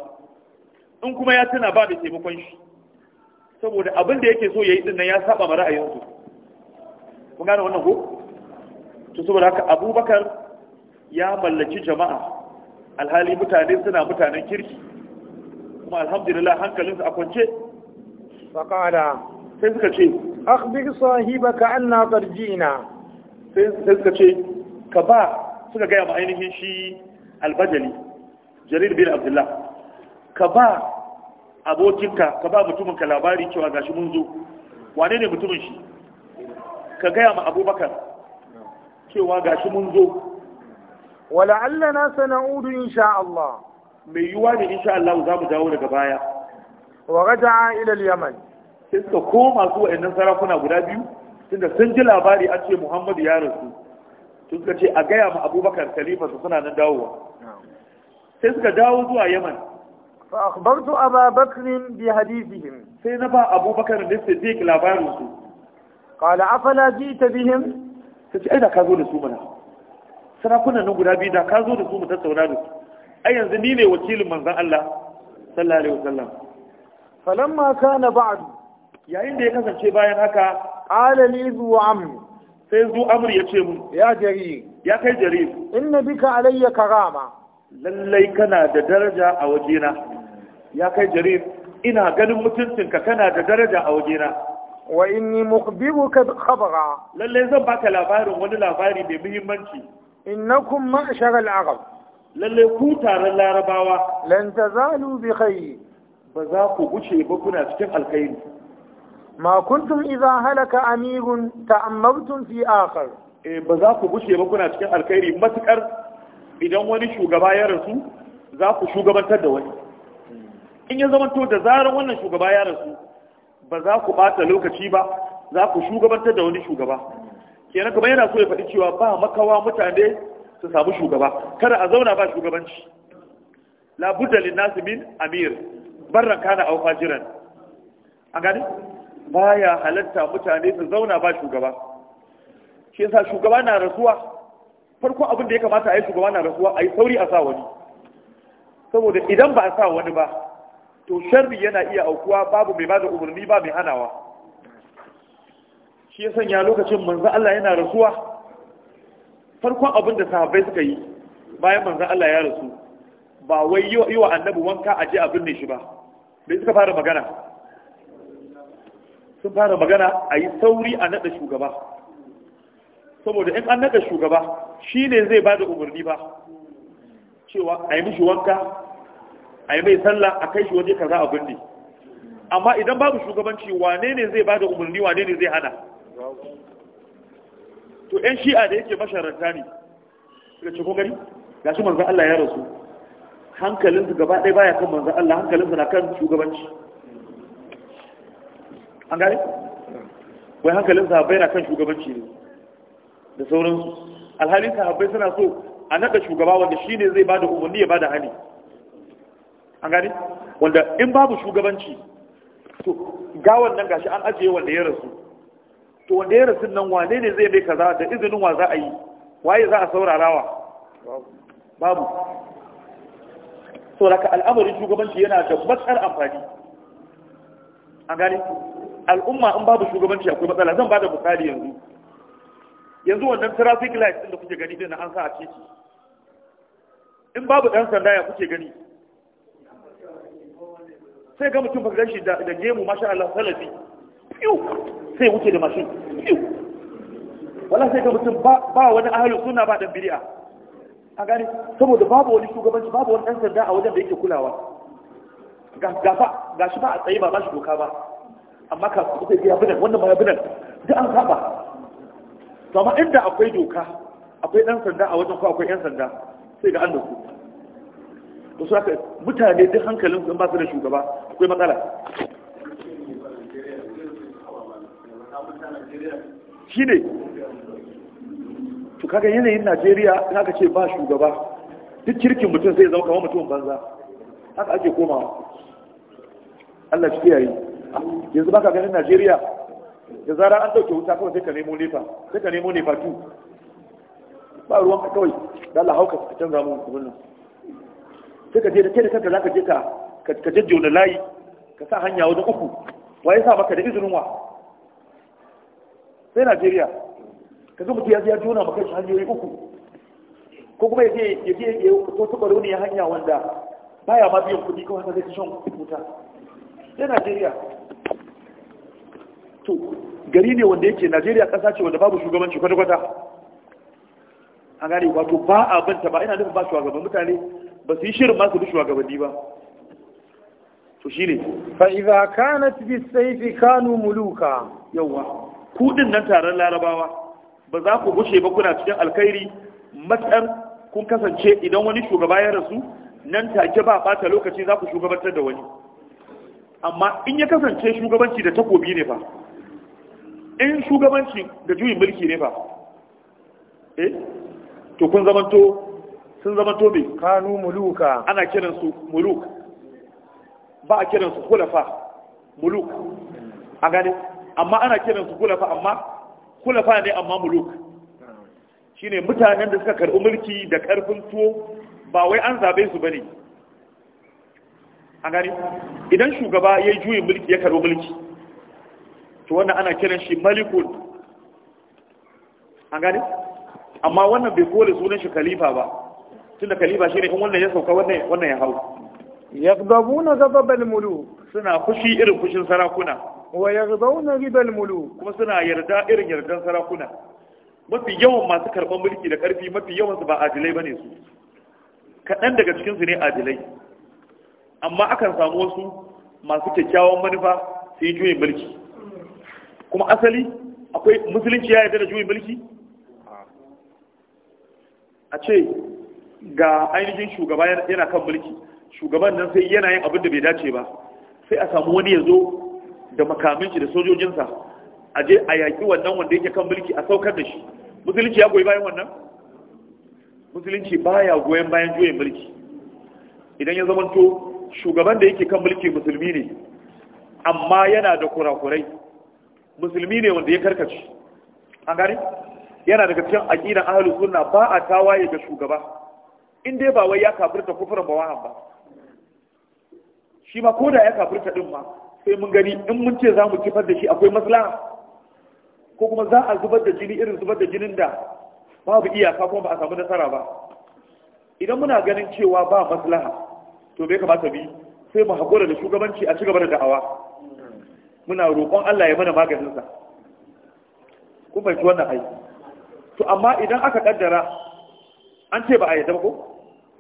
in kuma ya tuna ba da taimakon shi saboda abin da yake so ya yi dinnan ya saba ma ra'ayinsu kun gane wannan ko to saboda haka abubakar ya mallaki jama'a alhali mutane suna mutanen kirki kuma alhamdulillah hankalinsu a kwance faƙada sai suka ce akhbir sahibaka anna tarjina sai suka ce ka ba suka gaya ma ainihin shi albajali jarir bin abdullah ka ba abokinka ka ba ka labari cewa gashi mun zo wane ne mutumin shi ka gaya ma abubakar cewa gashi mun zo wala allana sana'udu udu Allah mai yiwa ne insha Allah za mu dawo daga baya wa raja'a ila al-yaman sai suka koma su sarakuna guda biyu tunda sun ji labari an ce Muhammadu ya rasu sun suka ce a gaya ma Abubakar khalifa suna nan dawowa sai suka dawo zuwa Yaman fa akhbartu Aba Bakr bi hadithihim sai na ba Abubakar da Siddiq labarin su da ka su sarakunan nan guda biyu da ka zo da su mu tattauna da su ai yanzu ni ne wakilin manzon Allah sallallahu alaihi wasallam falamma kana ba'd yayin da ya kasance bayan haka qala li zu amr sai zu amr ya ce mu. ya jari ya kai jari inna bika alayya karama lallai kana da daraja a wajena ya kai jari ina ganin ka kana da daraja a wajena wa inni mukhbiruka khabara lallai zan baka labarin wani labari mai muhimmanci innakum ma'shar al-arab lalle ku taron larabawa lan tazalu bi khayr ba za ku guce ba kuna cikin alkhairi ma kuntum idza halaka amirun ta'ammamtum fi akhar eh ba za ku guce ba kuna cikin alkhairi matukar idan wani shugaba ya rasu za ku shugabantar da wani in ya zama to da zarar wannan shugaba ya rasu ba za ku bata lokaci ba za ku shugabantar da wani shugaba kenan kuma yana so ya faɗi cewa ba makawa mutane su samu shugaba kada a zauna ba shugabanci la budda lin nas min amir barran kana aw fajiran an gani baya halatta mutane su zauna ba shugaba shi yasa shugaba na rasuwa farko abin da ya kamata a yi shugaba na rasuwa a yi sauri a sa wani saboda idan ba a sa wani ba to sharri yana iya aukuwa babu mai bada umarni ba mai hanawa shi ya sanya lokacin manzan Allah yana rasuwa farkon abin da sahabbai suka yi bayan manzan Allah ya rasu ba wai yi wa annabi wanka a je a binne shi ba bai suka fara magana sun fara magana a yi sauri a naɗa shugaba saboda in an naɗa shugaba shi ne zai ba da umarni ba cewa a yi mishi wanka a yi mai sallah a kai shi waje kaza a binne amma idan babu shugabanci wane ne zai ba da umarni wane ne zai hana to ɗan shi'a da yake masharanta ne suka ce kogari ga shi manzan Allah ya rasu hankalinsu gaba ɗaya baya kan manzan Allah hankalinsu na kan shugabanci an gane wai hankalinsu sahabbai na kan shugabanci ne da sauransu alhalin sahabbai suna so a naɗa shugaba wanda shi ne zai bada umarni ya bada hani an gane wanda in babu shugabanci to gawan nan gashi an ajiye wanda ya rasu to wanda ya rasu nan wane ne zai mai kaza da izinin wa za a yi waye za a saurarawa babu sauraka al'amarin shugabanci yana da matsar amfani an gani al'umma in babu shugabanci akwai matsala zan ba da misali yanzu yanzu wannan traffic light ɗin da kuke gani na an sa a titi in babu dan sanda ya kuke gani sai ga mutum ba shi da gemu masha Allah salafi biyu sai wuce da mashin biyu wala sai ga mutum ba wani ahalin suna ba dan biri'a a gani saboda babu wani shugabanci babu wani ɗan sanda a wajen da yake kulawa ga shi ba a tsaye ba ba shi doka ba amma ka su sai biya binan wannan baya binan duk an saba to amma inda akwai doka akwai ɗan sanda a wajen ko akwai ɗan sanda sai ga an da ku to su mutane duk hankalin su in ba su da shugaba akwai matsala shi ne to kaga yanayin najeriya in aka ce ba shugaba duk kirkin mutum sai zama kamar mutumin banza haka ake komawa allah shi kiyaye yanzu ba ka ganin najeriya da zara an dauke wuta kawai sai ka nemo nefa sai ka nemo nefa tu ba ruwan ka kawai da allah hauka ka canza mu wannan sai ka je da kai da kanka zaka je ka ka da layi ka sa hanya wajen uku wa ya sa maka da izinin wa sai najeriya ka ga ya ya jona maka shi hanyoyi uku ko kuma ya yaje ya ko tuba da ya hanya wanda baya ma biyan kudi kawai haka zai shan wuta sai najeriya to gari ne wanda yake najeriya ƙasa ce wanda babu shugabanci kwata-kwata an gane wato ba a banta ba ina nufin ba shugaban mutane ba su yi shirin masu bi shugabanni ba to shi ne fa'iza kanat bi saifi kanu muluka yawa kudin nan taron larabawa ba za ku gushe ba kuna cikin alkhairi matsar kun kasance idan wani shugaba ya rasu nan take ba bata lokaci za ku shugabantar da wani amma in ya kasance shugabanci da takobi ne fa in shugabanci da juyin mulki ne fa eh to kun zamanto sun zamanto me kanu muluka ana kiransu muluk ba a kiransu kulafa muluk a gane amma ana kiran su kulafa amma kulafa ne amma muluk shine mutanen da suka karɓi mulki da karfin tuwo ba wai an zabe su bane an gani idan shugaba ya yi juyin mulki ya karɓi mulki to wannan ana kiran shi malikun an gani amma wannan bai kore sunan shi khalifa ba tun da khalifa shine in wannan ya sauka wannan wannan ya hau yaqdabuna ghadab al-muluk suna fushi irin fushin sarakuna wa yarzauna ribal muluk kuma suna yarda irin yardan sarakuna mafi yawan masu karɓar mulki da ƙarfi mafi yawan su ba adilai bane su kaɗan daga cikin su ne adilai amma akan samu wasu masu kyakkyawan manufa su yi juyin mulki kuma asali akwai musulunci ya yarda da juyin mulki a ce ga ainihin shugaba yana kan mulki shugaban nan sai yana yin abin da bai dace ba sai a samu wani ya zo da makamin shi da sojojinsa a je a yaƙi wannan wanda yake kan mulki a saukar da shi musulunci ya goyi bayan wannan musulunci baya goyon bayan juyin mulki idan ya zamanto shugaban da yake kan mulki musulmi ne amma yana da kurakurai musulmi ne wanda ya karkace an gani? yana daga cikin aqidar ahlus sunna ba a tawaye ga shugaba in dai ba wai ya kafirta kufurin ba wahan ba shi ma koda ya kafirta din ma sai mun gani in mun ce za mu kifar da shi akwai maslaha ko kuma za a zubar da jini irin zubar da jinin da babu iyaka kuma ba a samu nasara ba idan muna ganin cewa ba maslaha to bai kamata bi sai mu haƙura da shugabanci a cigaba da da'awa muna roƙon Allah ya mana maganinsa ku fahimci wannan aiki to amma idan aka kaddara an ce ba a yadda ko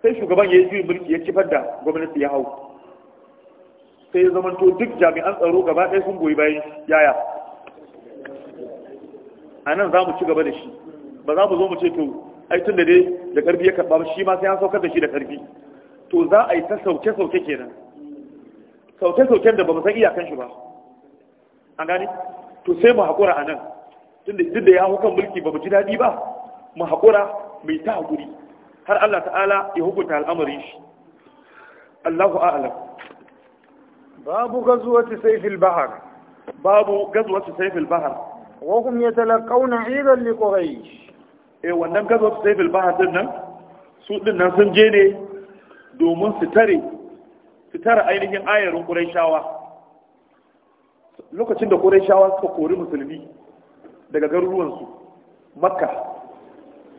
sai shugaban ya yi mulki ya kifar da gwamnati ya hau sai ya to duk jami'an tsaro gaba ɗaya sun goyi bayan yaya a nan za mu ci gaba da shi ba za mu zo mu ce to ai tun da dai da ƙarfi ya karɓa shi ma sai an saukar da shi da ƙarfi to za a yi ta sauke-sauke kenan sauke sauke da ba mu san iyakan shi ba an gani to sai mu haƙura a nan tun da ya hau kan mulki ba mu ji daɗi ba mu haƙura mai ta haƙuri har Allah ta'ala ya hukunta al'amarin shi Allahu a'alam babu gazuwati sayfil bahar babu gazuwati sayfil bahar wa hum yatalaqawna idan li quraish eh wannan gazuwati sayfil bahar din nan su din nan sun je ne domin su tare su tare ainihin ayarin quraishawa lokacin da quraishawa suka kori musulmi daga garuruwansu makka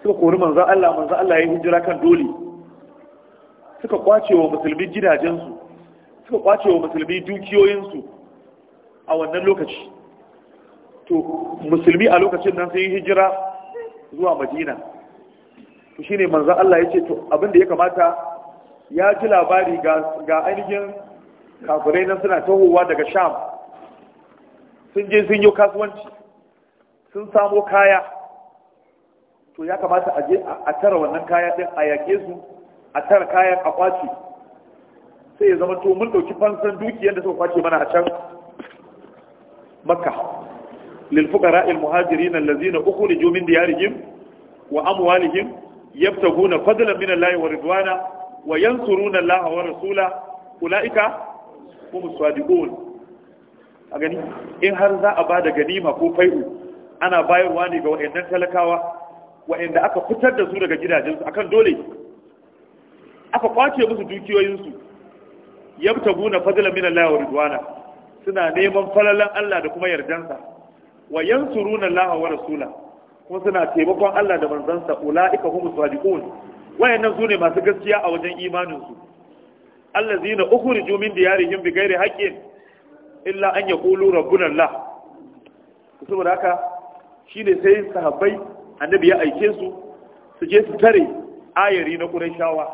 suka kori manzan Allah manzan Allah ya hijira kan dole suka kwace wa musulmi gidajensu suka kwace wa musulmi dukiyoyinsu a wannan lokaci to musulmi a lokacin nan sun yi hijira zuwa madina to shi ne manzan Allah ya ce to abinda ya kamata ya ji labari ga ainihin kafirai nan suna tahowa daga sham sun je sun yi kasuwanci sun samo kaya to ya kamata a je a tara wannan kaya din a yake su a tara kayan a kwace sai ya zama to mun dauki fansan dukiyar da suka kwace mana a can makka lil fuqara al muhajirin allazina ukhriju min diyarihim wa amwalihim yabtaguna fadlan min allahi wa ridwana wa yansuruna allaha wa rasula ulaika hum sadiqun a in har za a bada ganima ko fai'u ana bayarwa ne ga wayannan talakawa wayanda aka fitar da su daga gidajensu akan dole aka kwace musu dukiyoyinsu yabtaguna fadlan min Allah wa ridwana suna neman falalan Allah da kuma yardansa wa yansuruna Allah wa rasula kuma suna taimakon Allah da manzansa ulaika humus sadiqun wayannan sune masu gaskiya a wajen imanin su allazina ukhriju min diyarihim bighairi haqqin illa an yaqulu rabbuna Allah saboda haka shine sai sahabbai annabi ya aike su su je su tare ayari na qurayshawa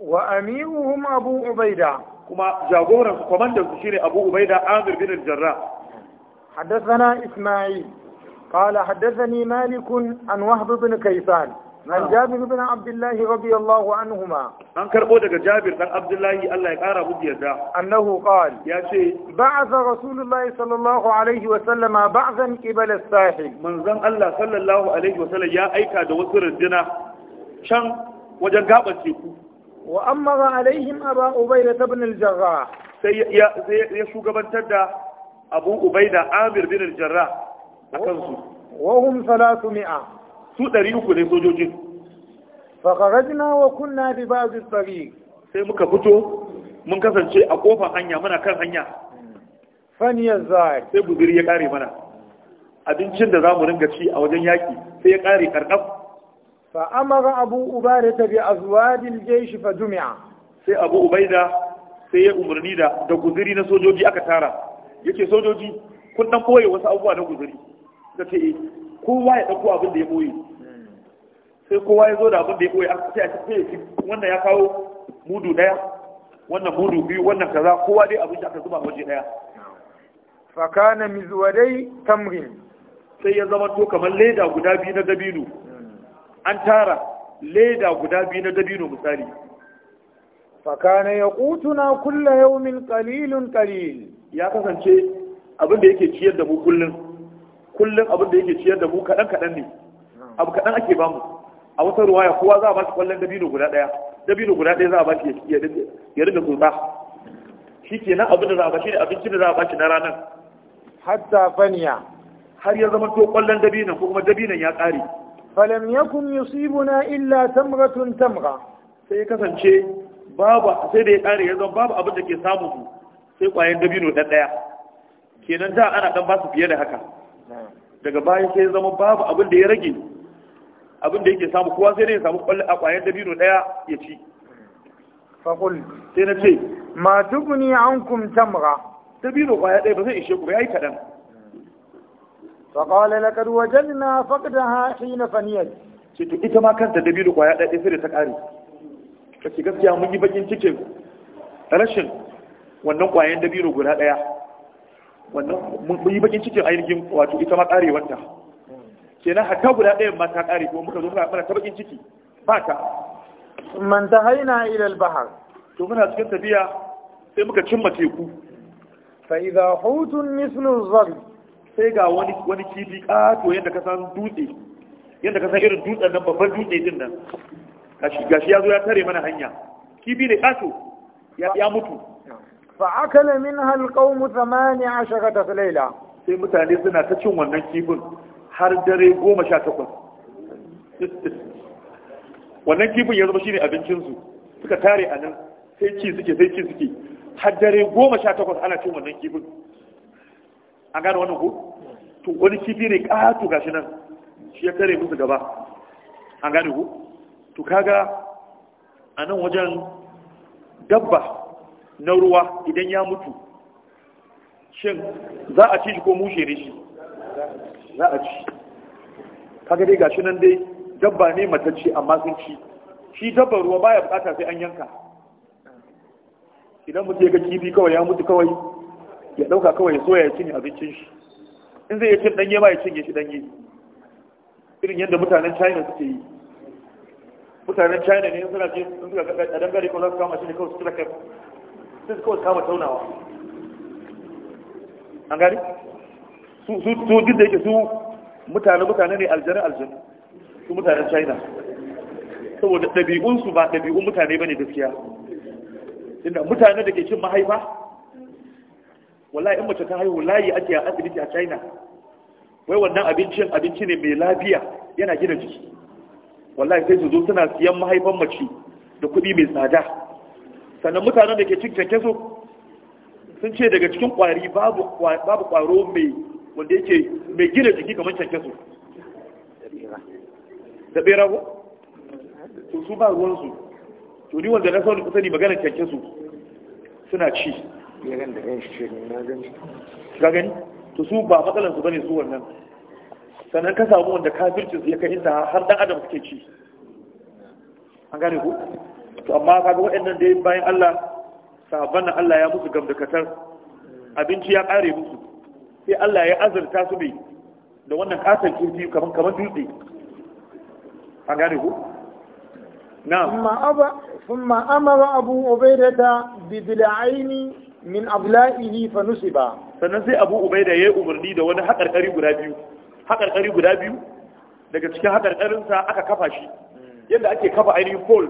wa amiruhum abu ubaida kuma jagoran su kwamandan su shine abu ubaida amir bin jarra haddathana isma'il qala haddathani malik an wahb bin kaysan an jabir bin abdullah radiyallahu anhuma an karbo daga jabir dan abdullah Allah ya kara mudi yadda annahu qala ya ce ba'atha rasulullahi sallallahu alaihi wa sallama ba'dan qibal as-sahil manzon Allah sallallahu alaihi wa sallam ya aika da wasu rajina shan wajen gabar teku wa amara alaihim aba ubaida ta al-jarrah sai ya shugabantar da abu ubaida amir bin al a kansu. su salatu mi'a Su ɗari uku ne sojojin fa kharajna wa kunna bi ba al tsari sai muka fito mun kasance a kofar hanya muna kan hanya faniyar zai sai guzuri ya ƙare mana abincin da za mu ringa ci a wajen yaki sai ya ƙare ƙarƙaf fa amara abu ubaida bi azwadil jaysh fa jumi'a sai abu ubaida sai ya umarni da da guzuri na sojoji aka tara yake sojoji kun dan koye wasu abubuwa na guzuri eh, da ya dauko abin ya boye sai kowa ya zo da abin da ya boye aka ce a ce wannan ya kawo mudu daya wannan mudu biyu wannan kaza kowa dai abin da aka zuba waje daya fakana mizwadai tamrin sai ya zama kamar leda guda biyu na dabino an tara leda guda biyu na dabino misali fakana ya kutuna kulla yaumin qalilun qalil ya kasance abin da yake ciyar da mu kullun kullun abin da yake ciyar da mu kadan kadan ne abu kadan ake bamu a wata ruwaya kowa za a ba shi kwallon dabino guda daya dabino guda daya za a ba shi ya rinda tsotsa shi ke nan abin da za a bashi da abincin da za a bashi na ranar hatta faniya har ya zama to kwallon dabinan ko kuma dabinan ya kare falam yakun yusibuna illa tamratun tamra sai ya kasance babu sai da ya kare ya zama babu abin da ke samu mu sai kwayan dabino ɗan ɗaya kenan da ana ɗan basu fiye da haka daga bayan sai ya zama babu abin da ya rage abin da yake samu kowa sai dai ya samu a kwayan dabino ɗaya ya ci faƙul sai na ce ma dubni ankum tamra dabino kwaya ɗaya ba zai ishe ku ba yayi kaɗan fa qala laqad wajadna faqdaha hina faniyat ce to ita ma kanta dabino kwaya ɗaya sai da ta ƙare kace gaskiya mun yi bakin cikin rashin wannan kwayan dabino guda ɗaya wannan mun yi bakin cikin ainihin wato ita ma ƙarewarta kenan hatta guda ɗaya ma ta ƙare kuma muka zo muna ta bakin ciki ba ta man ta haina ila al-bahr to muna cikin tafiya sai muka cimma teku fa idha hutun mislu zalm sai ga wani kifi kato yadda ka san dutse yadda ka san irin dutsen nan babban dutse din nan gashi gashi ya zo ya tare mana hanya kifi ne kato ya ya mutu fa akala minha alqawm 18 layla sai mutane suna ta cin wannan kifin har dare goma sha takwas. wannan kifin ya zama shine abincin su suka tare a nan sai ci suke sai ci suke har dare goma sha takwas ana cin wannan kifin an gane wannan ku? to wani kifi ne ƙato gashi nan shi ya kare musu gaba an gane ku to kaga a nan wajen dabba na ruwa idan ya mutu shin za a ci shi ko mushe ne shi za a ci kaga dai gashi nan dai dabba ne matacce amma sun ci shi dabba ruwa baya bukata sai an yanka idan mutu ya ga kifi kawai ya mutu kawai ya dauka kawai ya soya ya cinye abincin shi in zai cin danye ma ya cinye shi danye irin yadda mutanen china suke yi mutanen china ne suna je sun suka a dangare ko za su kama shi ne kawai su kira kai sun kawai kama taunawa an gani su su duk da yake su mutane mutane ne aljanu aljanu su mutanen china saboda ɗabi'unsu ba ɗabi'un mutane ba ne gaskiya inda mutane da ke cin mahaifa wallahi in mace ta haihu layi ake a asibiti a china wai wannan abincin abinci ne mai lafiya yana gina jiki wallahi sai su zo suna siyan mahaifan mace da kuɗi mai tsada sannan mutanen da ke cin su sun ce daga cikin kwari babu kwaro mai wanda yake mai gina jiki kamar su da bera ko su ba ruwansu to ni wanda na sani ku sani maganar suna ci yaran da yan shi na gani ka gani to su ba matsalar su bane su wannan sannan ka samu wanda kafircin su ya kai inda har dan adam suke ci an gane ku to amma kaga waɗannan dai bayan Allah sahabban Allah ya musu gamdakatar abinci ya ƙare musu sai Allah ya azurta su bai da wannan katon kirji kaman kaman dutse an gane ku Na amma aba thumma amara abu ubaidata bi min abla'ihi fa nusiba sannan sai abu ubaida yayi umarni da wani hakarkari guda biyu hakarkari guda biyu daga cikin hakarkarin sa aka kafa shi yadda ake kafa ainihin pole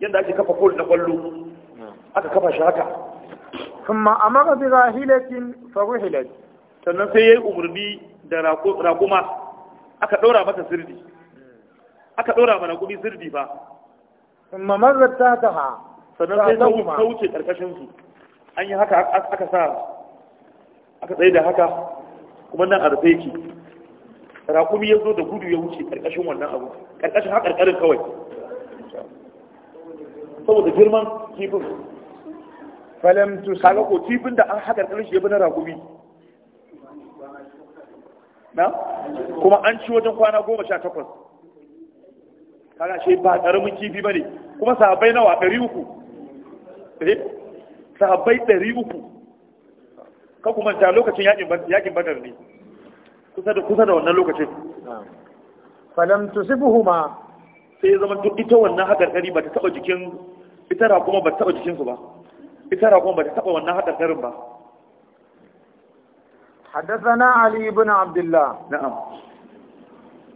yadda ake kafa pole na kwallo aka kafa shi haka kuma amara bi rahilatin fa ruhilat sannan sai yayi umarni da raƙuma aka ɗora mata sirdi aka ɗora mana gumi sirdi ba. Kuma ta ta ha, sannan sai ta wuce ƙarƙashin su. an yi haka aka sa aka tsaye da haka kuma nan a rufe ki raƙumi ya zo da gudu ya wuce ƙarƙashin wannan abu ƙarƙashin haƙarƙarin kawai saboda girman kifin falam tu kaga ko kifin da an haƙarƙarin shi ya bi na raƙumi na kuma an ci wajen kwana goma sha takwas kaga shi ba ƙaramin kifi ba ne kuma sabai nawa ɗari uku eh? sahabbai ɗari uku ka kuma ta lokacin yakin badar ne kusa da kusa da wannan lokacin falam tusibuhuma sai zama duk ita wannan haƙarƙari ba ta taɓa jikin ita ra kuma ba ta taɓa jikinsu ba ita ra kuma ba ta taɓa wannan haƙarƙarin ba حدثنا علي بن عبد الله نعم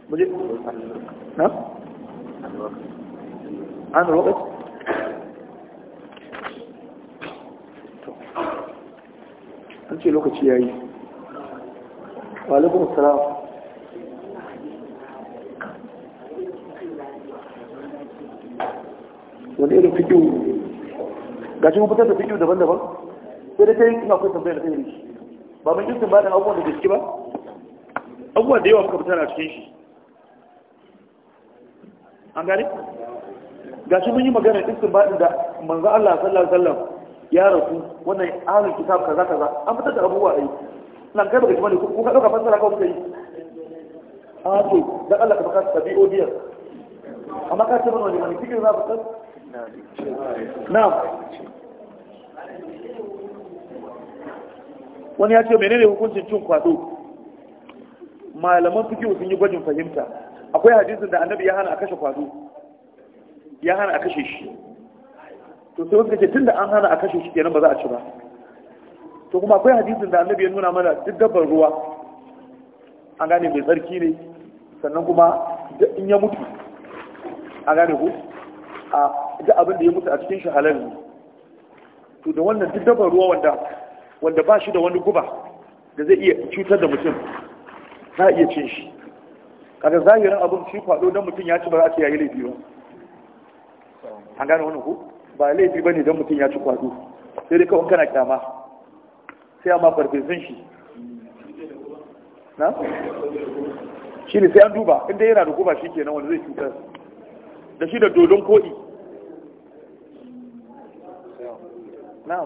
مجد نعم عن الوقت ce lokaci ya yi walekun salam wani irin fikiyu ga mun fitar da fikiyu daban-daban sai da ta yi kuma akwai tambayar da ta ba mai jinsin ba da abubuwan da gaske ba abubuwan da yawa muka fitar a cikin shi an gane shi mun yi magana jinsin ba da manzan Allah sallallahu alaihi wasallam ya rasu wannan ahlul kitab kaza kaza an fitar da abubuwa ai nan kai baka ji bane ko ka dauka fassara kawai kuka yi a ah, to da Allah ka baka tabi'o biyar amma ka ce mana wani wani cikin za ka san na'am wani ya ce menene hukuncin cin kwado malaman fikihu sun yi gwajin fahimta akwai hadisin da annabi ya hana a kashe kwado ya hana a kashe shi to sai ke tun da an hana a kashe shi kenan ba za a ci ba to kuma akwai hadisin da annabi ya nuna mana duk dabbar ruwa an gane mai tsarki ne sannan kuma in ya mutu an gane ku a duk abin da ya mutu a cikin shi halal ne to da wannan duk dabbar ruwa wanda wanda ba shi da wani guba da zai iya cutar da mutum za a iya cin shi kaga zahirin abin shi kwado don mutum ya ci ba za a ce ya yi laifi ba an gane wani ku ba laifi ba ne don mutum ya ci kwado sai dai kawai kana kyama sai amma farfesun shi na? shi ne sai an duba inda yana da guba shi kenan wanda zai cutar da shi da dodon koɗi na?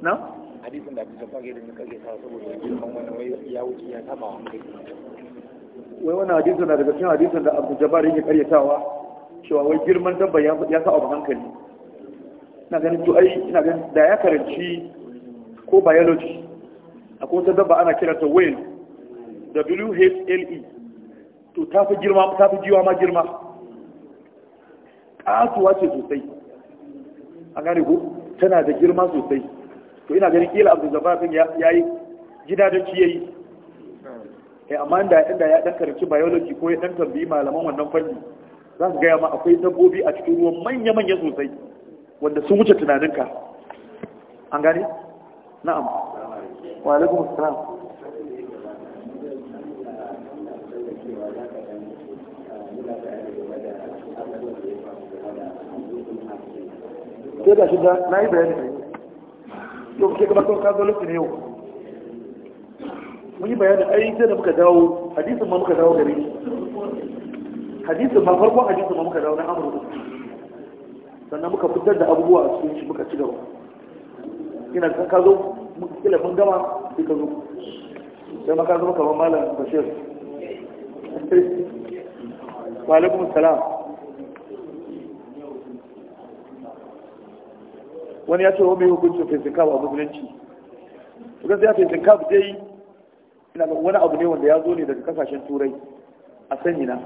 na? hadisin da abu da kage da muka ke sa saboda girman wani ya wuce ya saba wa wai wannan hadisin na daga cikin hadisin da abu jabar yake karyatawa cewa wai girman dabba ya sa abu hankali ina ganin to ai ina ganin da ya karanci ko biology akwai wata dabba ana kiranta whale w h l e to ta fi girma ta fi jiwa ma girma kasuwa ce sosai an gane ko tana da girma sosai to ina ganin kila abu jabar ya yi gida da ciyayi eh amma inda inda ya dan karanci biology ko ya dan tambayi malaman wannan fanni za su gaya ma akwai dabbobi a cikin ruwan manya manya sosai wanda sun wuce tunaninka an gane na'am wa alaikum assalam ko da shi da na yi bayani yau ke gabatar kazo lokacin yau mun yi bayanin ai sai da muka dawo hadisin ma muka dawo gare hadisin ma farkon hadisin ma muka dawo na amurka sannan muka fitar da abubuwa a cikin shi muka ci gaba ina ka zo muka kila mun gama sai ka zo sai maka zo kamar malam bashir wa alaikum salam wani ya ce wa hukuncin fesin kawo a musulunci to gaskiya fesin zai yi. ina ga wani abu ne wanda ya zo ne daga kasashen turai a sanyi na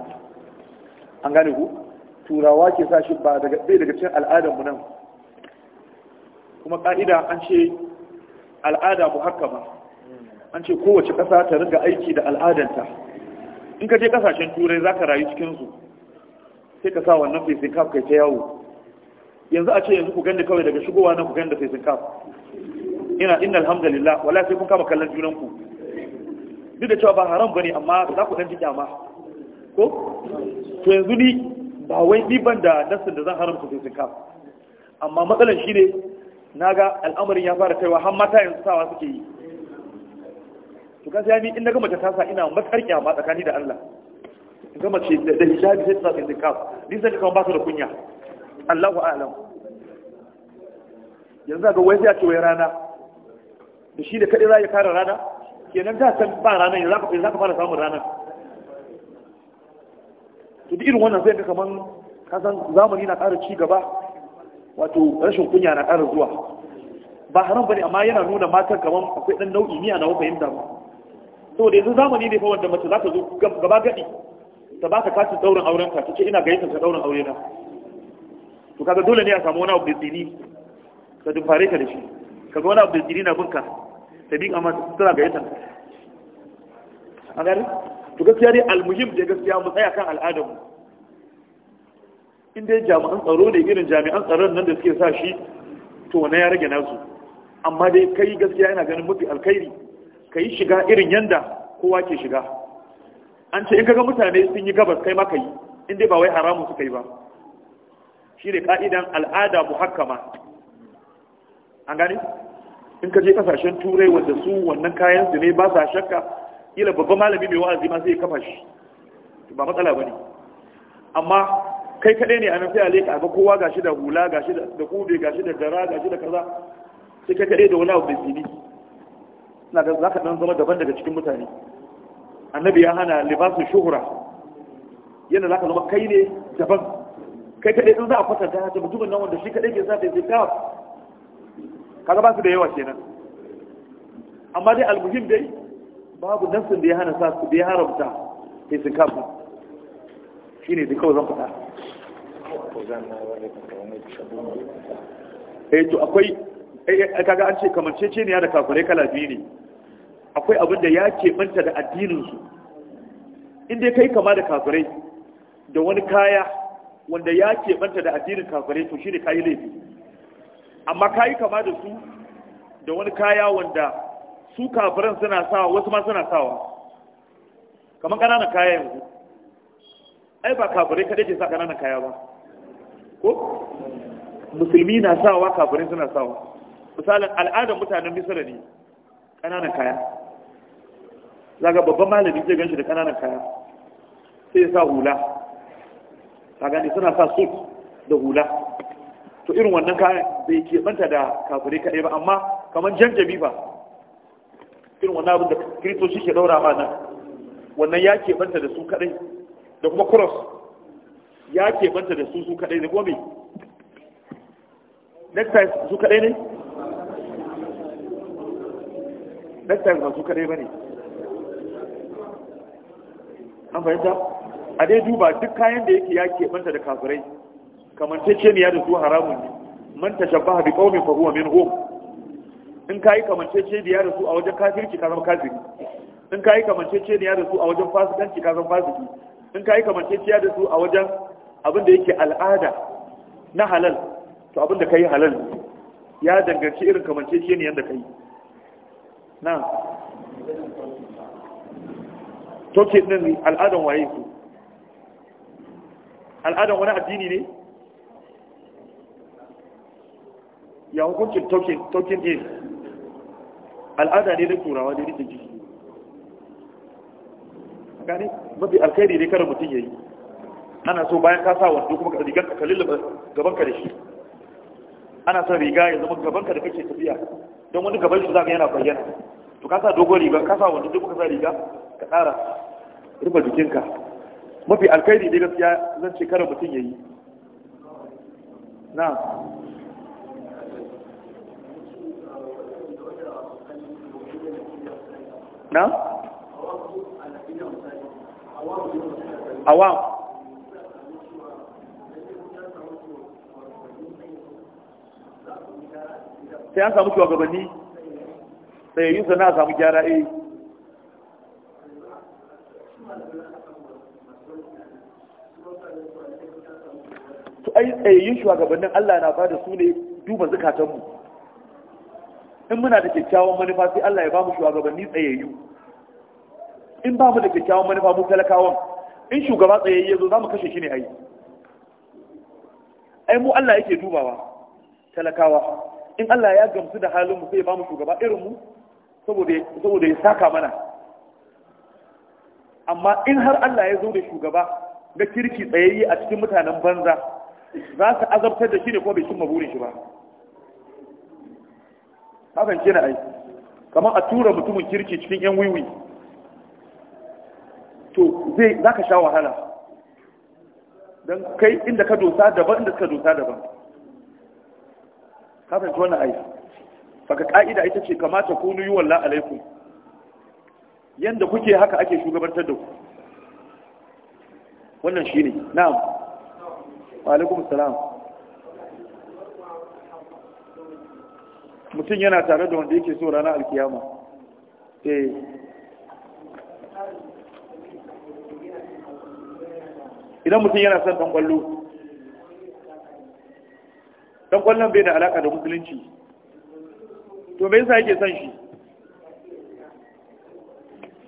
an gane ku turawa ke sa shi ba daga bai daga cikin al'adar mu nan kuma ka'ida an ce al'ada mu haka ba an ce kowace ƙasa ta riga aiki da al'adanta in ka je ƙasashen turai za ka rayu cikinsu sai ka sa wannan fesin kaf kai ta yawo yanzu a ce yanzu ku ganda kawai daga shigowa na ku ganda fesin kaf ina inna alhamdulillah wala sai kun kama kallon junanku duk da cewa ba haram bane amma za ku dan jiya ma ko to yanzu ni ba wai ni ban da nasin da zan haramta sai ka amma matsalar shi ne naga al'amarin ya fara kaiwa har mata yanzu sawa suke yi to kan sai ni in naga mace ta sa ina matsar ma tsakani da Allah in ga mace da hijabi sai ta sai ka ni sai ka ba su da kunya Allahu a'lam yanzu ga wai sai a ce wai rana da shi da kadai za ya kare rana kenan za san ba ranar yanzu zaka ka fara samun ranar to duk irin wannan zai ka kaman kasan zamani na ƙara ci gaba wato rashin kunya na ƙara zuwa ba haram bane amma yana nuna matan kaman akwai dan nau'i ne ana fahimta ba saboda yanzu zamani ne fa wanda mace za ta zo gaba gadi ta ba ka katin daurin auren ka tace ina gayyatar ka daurin aure na to kaga dole ne a samu wani abu da tsini ka dumfare ka da shi kaga wani abu da tsini na ka. ta amma masu suna gayyata a gari to gaskiya dai almuhim da gaskiya mu tsaya kan al'adarmu in dai jami'an tsaro ne irin jami'an tsaron nan da suke sa shi to wani ya rage nasu amma dai kai gaskiya yana ganin mafi alkhairi ka yi shiga irin yanda kowa ke shiga an ce in kaga mutane sun yi gabas kai ma ka yi in dai ba wai haramun suka yi ba shi ne ka'idan al'ada muhakkama an gani in ka je kasashen turai wanda su wannan kayan su ne ba sa shakka kila babban malami mai wa'azi ma zai kafa shi ba matsala bane amma kai kadai ne a nan sai a leka ga kowa gashi da hula gashi da kube gashi da gara gashi da kaza sai kai kadai da wani abu mai zini na ga zaka dan zama daban daga cikin mutane annabi ya hana libasu shuhura yana zaka zama kai ne daban kai kadai in za a kwatanta ta mutumin nan wanda shi kadai ke sa ta zikaf kaga ba su da yawa kenan amma dai almuhim dai babu nafsin da ya hana sa su da ya haramta sai sun kafa shi ne da kawai zan faɗa eh to akwai eh, eh, kaga an ce kamancece ne ya da kafirai kala biyu ne akwai abin da ya keɓanta da addininsu inda kai kama da kafirai da wani kaya wanda ya keɓanta da addinin kafirai to shi ne kayi laifi amma ka yi kama da su da wani kaya wanda su kafiran suna sawa wasu ma suna sawa kamar ƙananan kaya yanzu ai ba kafirai kaɗai ke sa ƙananan kaya ba ko musulmi na sawa kafirai suna sawa misalin al'adar mutanen misira ne ƙananan kaya zaga babban malami zai ganshi da ƙananan kaya sai ya sa hula ta gani suna sa su da hula to irin wannan kayan bai keɓanta da kafirai kaɗai ba amma kamar janjabi ba irin wannan abin da shi ke ɗaura ma nan wannan ya keɓanta da su kaɗai da kuma cross ya keɓanta da su su kaɗai da gome next su kaɗai ne next ba su kaɗai ba ne an fahimta a dai duba duk kayan da yake ya keɓanta da kafirai kamanceceniya da su haramun ne man tashabbaha bi ƙaunin fa min hu? in ka ce kamanceceniya da su a wajen kafirci ka zama kafiri in ce kamanceceniya da su a wajen fasikanci ka zama fasiki in ce kamanceceniya da su a wajen abin da yake al'ada na halal to abin da yi halal ya danganci irin kamanceceniyan da ka yi? na toke din al'adan waye su al'adan wani addini ne ya hukuncin tokin din al'ada ne na turawa ne rikin jiki gani mafi alkhairi ne kada mutum ya yi ana so bayan ka sa wando kuma rigar ka kalli gabanka da shi ana son riga ya zama gabanka da kake tafiya don wani gaban shi zaka yana bayyana to ka sa dogon riga ka sa wando duk ka sa riga ka tsara rufe jikinka mafi alkhairi ne gaskiya zan ce kada mutum ya yi na na? awam sai an samu shugabanni sai yi sana a samu gyara yi. Eh. ai tsayayyun eh, shugabannin Allah na bada su ne duba zukatanmu in muna da kyakkyawan manufa sai Allah ya ba mu shugabanni tsayayyu in ba mu da kyakkyawan manufa mu talakawan in shugaba tsayayye zo za mu kashe shi ne ai ai mu Allah yake dubawa talakawa in Allah ya gamsu da halin mu sai ya ba mu shugaba irin mu saboda saboda ya saka mana amma in har Allah ya zo da shugaba ga kirki tsayayye a cikin mutanen banza za su azabtar da shi ne ko bai cimma burin shi ba hakan kina ai kamar a tura mutumin kirki cikin yan wiwi to zai za ka sha wahala don kai inda ka dosa daban inda suka dosa daban kafin ce wannan ai faka ka'ida ita ce kamata kunu yi walla alaikum yanda kuke haka ake shugabantar da ku wannan shine na'am wa alaikum assalam mutum yana tare da wanda yake so rana alkiyama eh idan mutum yana son ɗan ƙwallo, ɗan ƙwallon bai da alaka da musulunci to me yasa yake son shi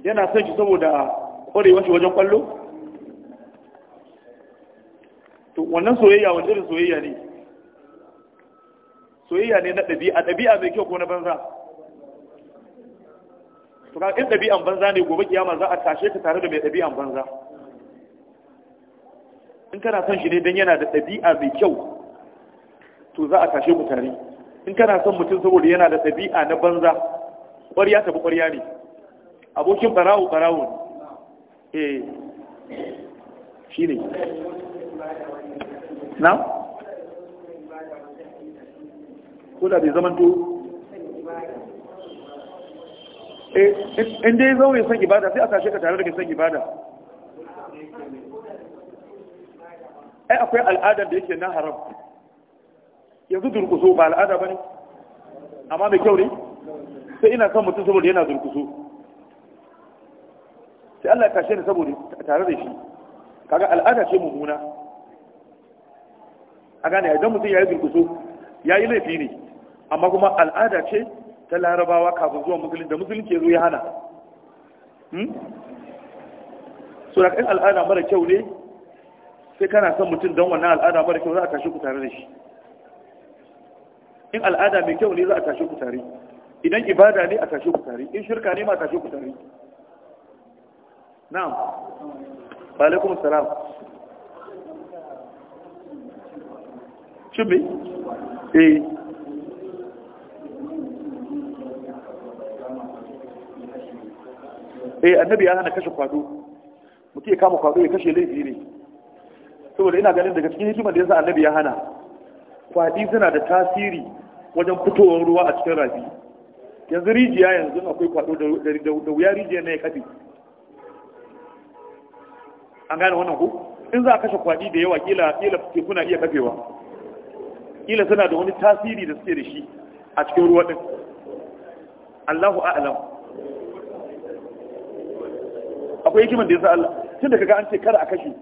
yana son shi saboda kwarewar shi wajen kwallo to wannan soyayya wani irin soyayya ne soyayya ne na ɗabi'a ɗabi'a mai kyau ko na banza to ka in ɗabi'an banza ne gobe kiyama za a tashe ka tare da mai ɗabi'an banza in kana son shi ne don yana da ɗabi'a mai kyau to za a tashe ku tare in kana son mutum saboda yana da ɗabi'a na banza ƙwarya tafi ƙwarya ne abokin barawo barawo ne eh shi ne na? ko da bai zaman to eh, in dai zo mai son ibada sai a tashe ka tare da son ibada ai akwai al'adar da yake na haram yanzu durkuso ba al'ada ba ne amma mai kyau ne sai ina son mutum saboda yana durkuso sai Allah ya tashe ni saboda tare da shi kaga al'ada ce mummuna a gane idan mutum ya yi durkuso ya yi laifi ne amma kuma al'ada ce ta larabawa kafin zuwa musulun da musulun ke zuwa ya hana hmm? su da kan al'ada mara kyau ne sai kana son mutum don wannan al'ada mara kyau za a tashi ku tare da shi in al'ada mai kyau ne za a tashi ku tare idan ibada ne a tashi ku tare in shirka ne ma a tashi ku tare na'am wa alaikum salam shin me eh sai eh, annabi ya hana kashe kwado mutum ya kama kwado ya kashe laifi ne saboda ina ganin daga cikin hikimar da yasa annabi ya hana kwadi suna da tasiri wajen fitowar ruwa a cikin rafi yanzu rijiya yanzu akwai kwado da wuya rijiya na ya kafe an gane wannan ko in za a kashe kwadi da yawa kila kila tekuna iya kafewa kila suna da wani tasiri da suke da shi a cikin ruwa din Allahu a'lam akwai hikiman da ya sa Allah tun da kaga an ce kada a kashe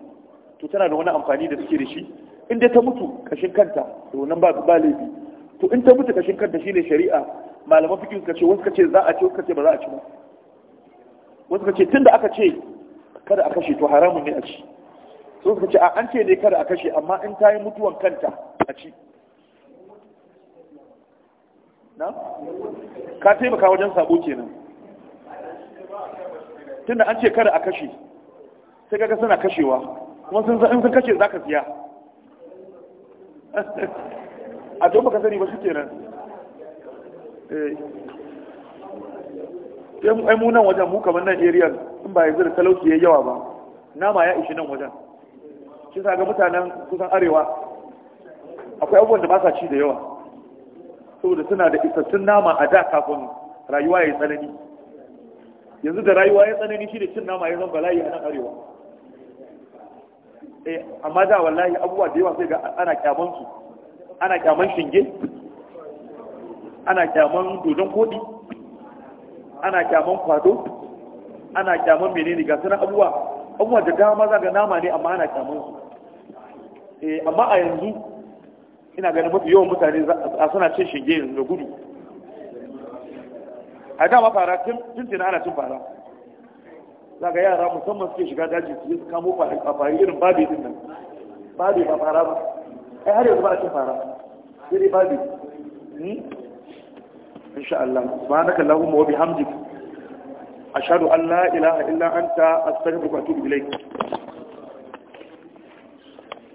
to tana da wani amfani da suke da shi in dai ta mutu kashin kanta to nan ba ba laifi to in ta mutu kashin kanta shine shari'a malaman fiqh suka ce wasu ka ce za a ce wasu ka ce ba za a ci ba wasu ka ce tun da aka ce kada a kashe to haramun ne a ci so suka ce a an ce dai kada a kashe amma in ta yi mutuwan kanta a ci na ka taimaka wajen sabo kenan tunda an ce kada a kashe sai kaga suna kashewa kuma sun san in sun kashe za ka siya a don baka sani ba shi kenan eh. ai mu nan wajen mu kamar nan area in ba yanzu da talauci ya yawa ba nama ya ishi nan wajen shi sa ga mutanen kusan arewa akwai abubuwan da ba sa ci da yawa saboda suna da isassun nama a da kafin rayuwa ya yi tsanani yanzu da rayuwa ya tsanani shi da cin nama ya zan bala'i a nan arewa eh amma da wallahi abubuwa da yawa sai ga ana kyaman su ana kyaman shinge ana kyaman dodon kodi ana kyaman kwado ana kyaman menene ga sanan abubuwa abubuwa da dama za ga nama ne amma ana kyaman su eh amma a yanzu ina ganin mafi yawan mutane a suna cin shinge yanzu da gudu a dama fara tun ana cin fara za ga yara musamman suke shiga daji su yi su kamo fari irin babi din nan babi ba fara ba ai har yanzu ba a cin fara sai babi in hmm? insha Allah subhanaka allahumma wa bihamdika ashhadu an ila, ilaha illa anta a tsarin bukatu bilai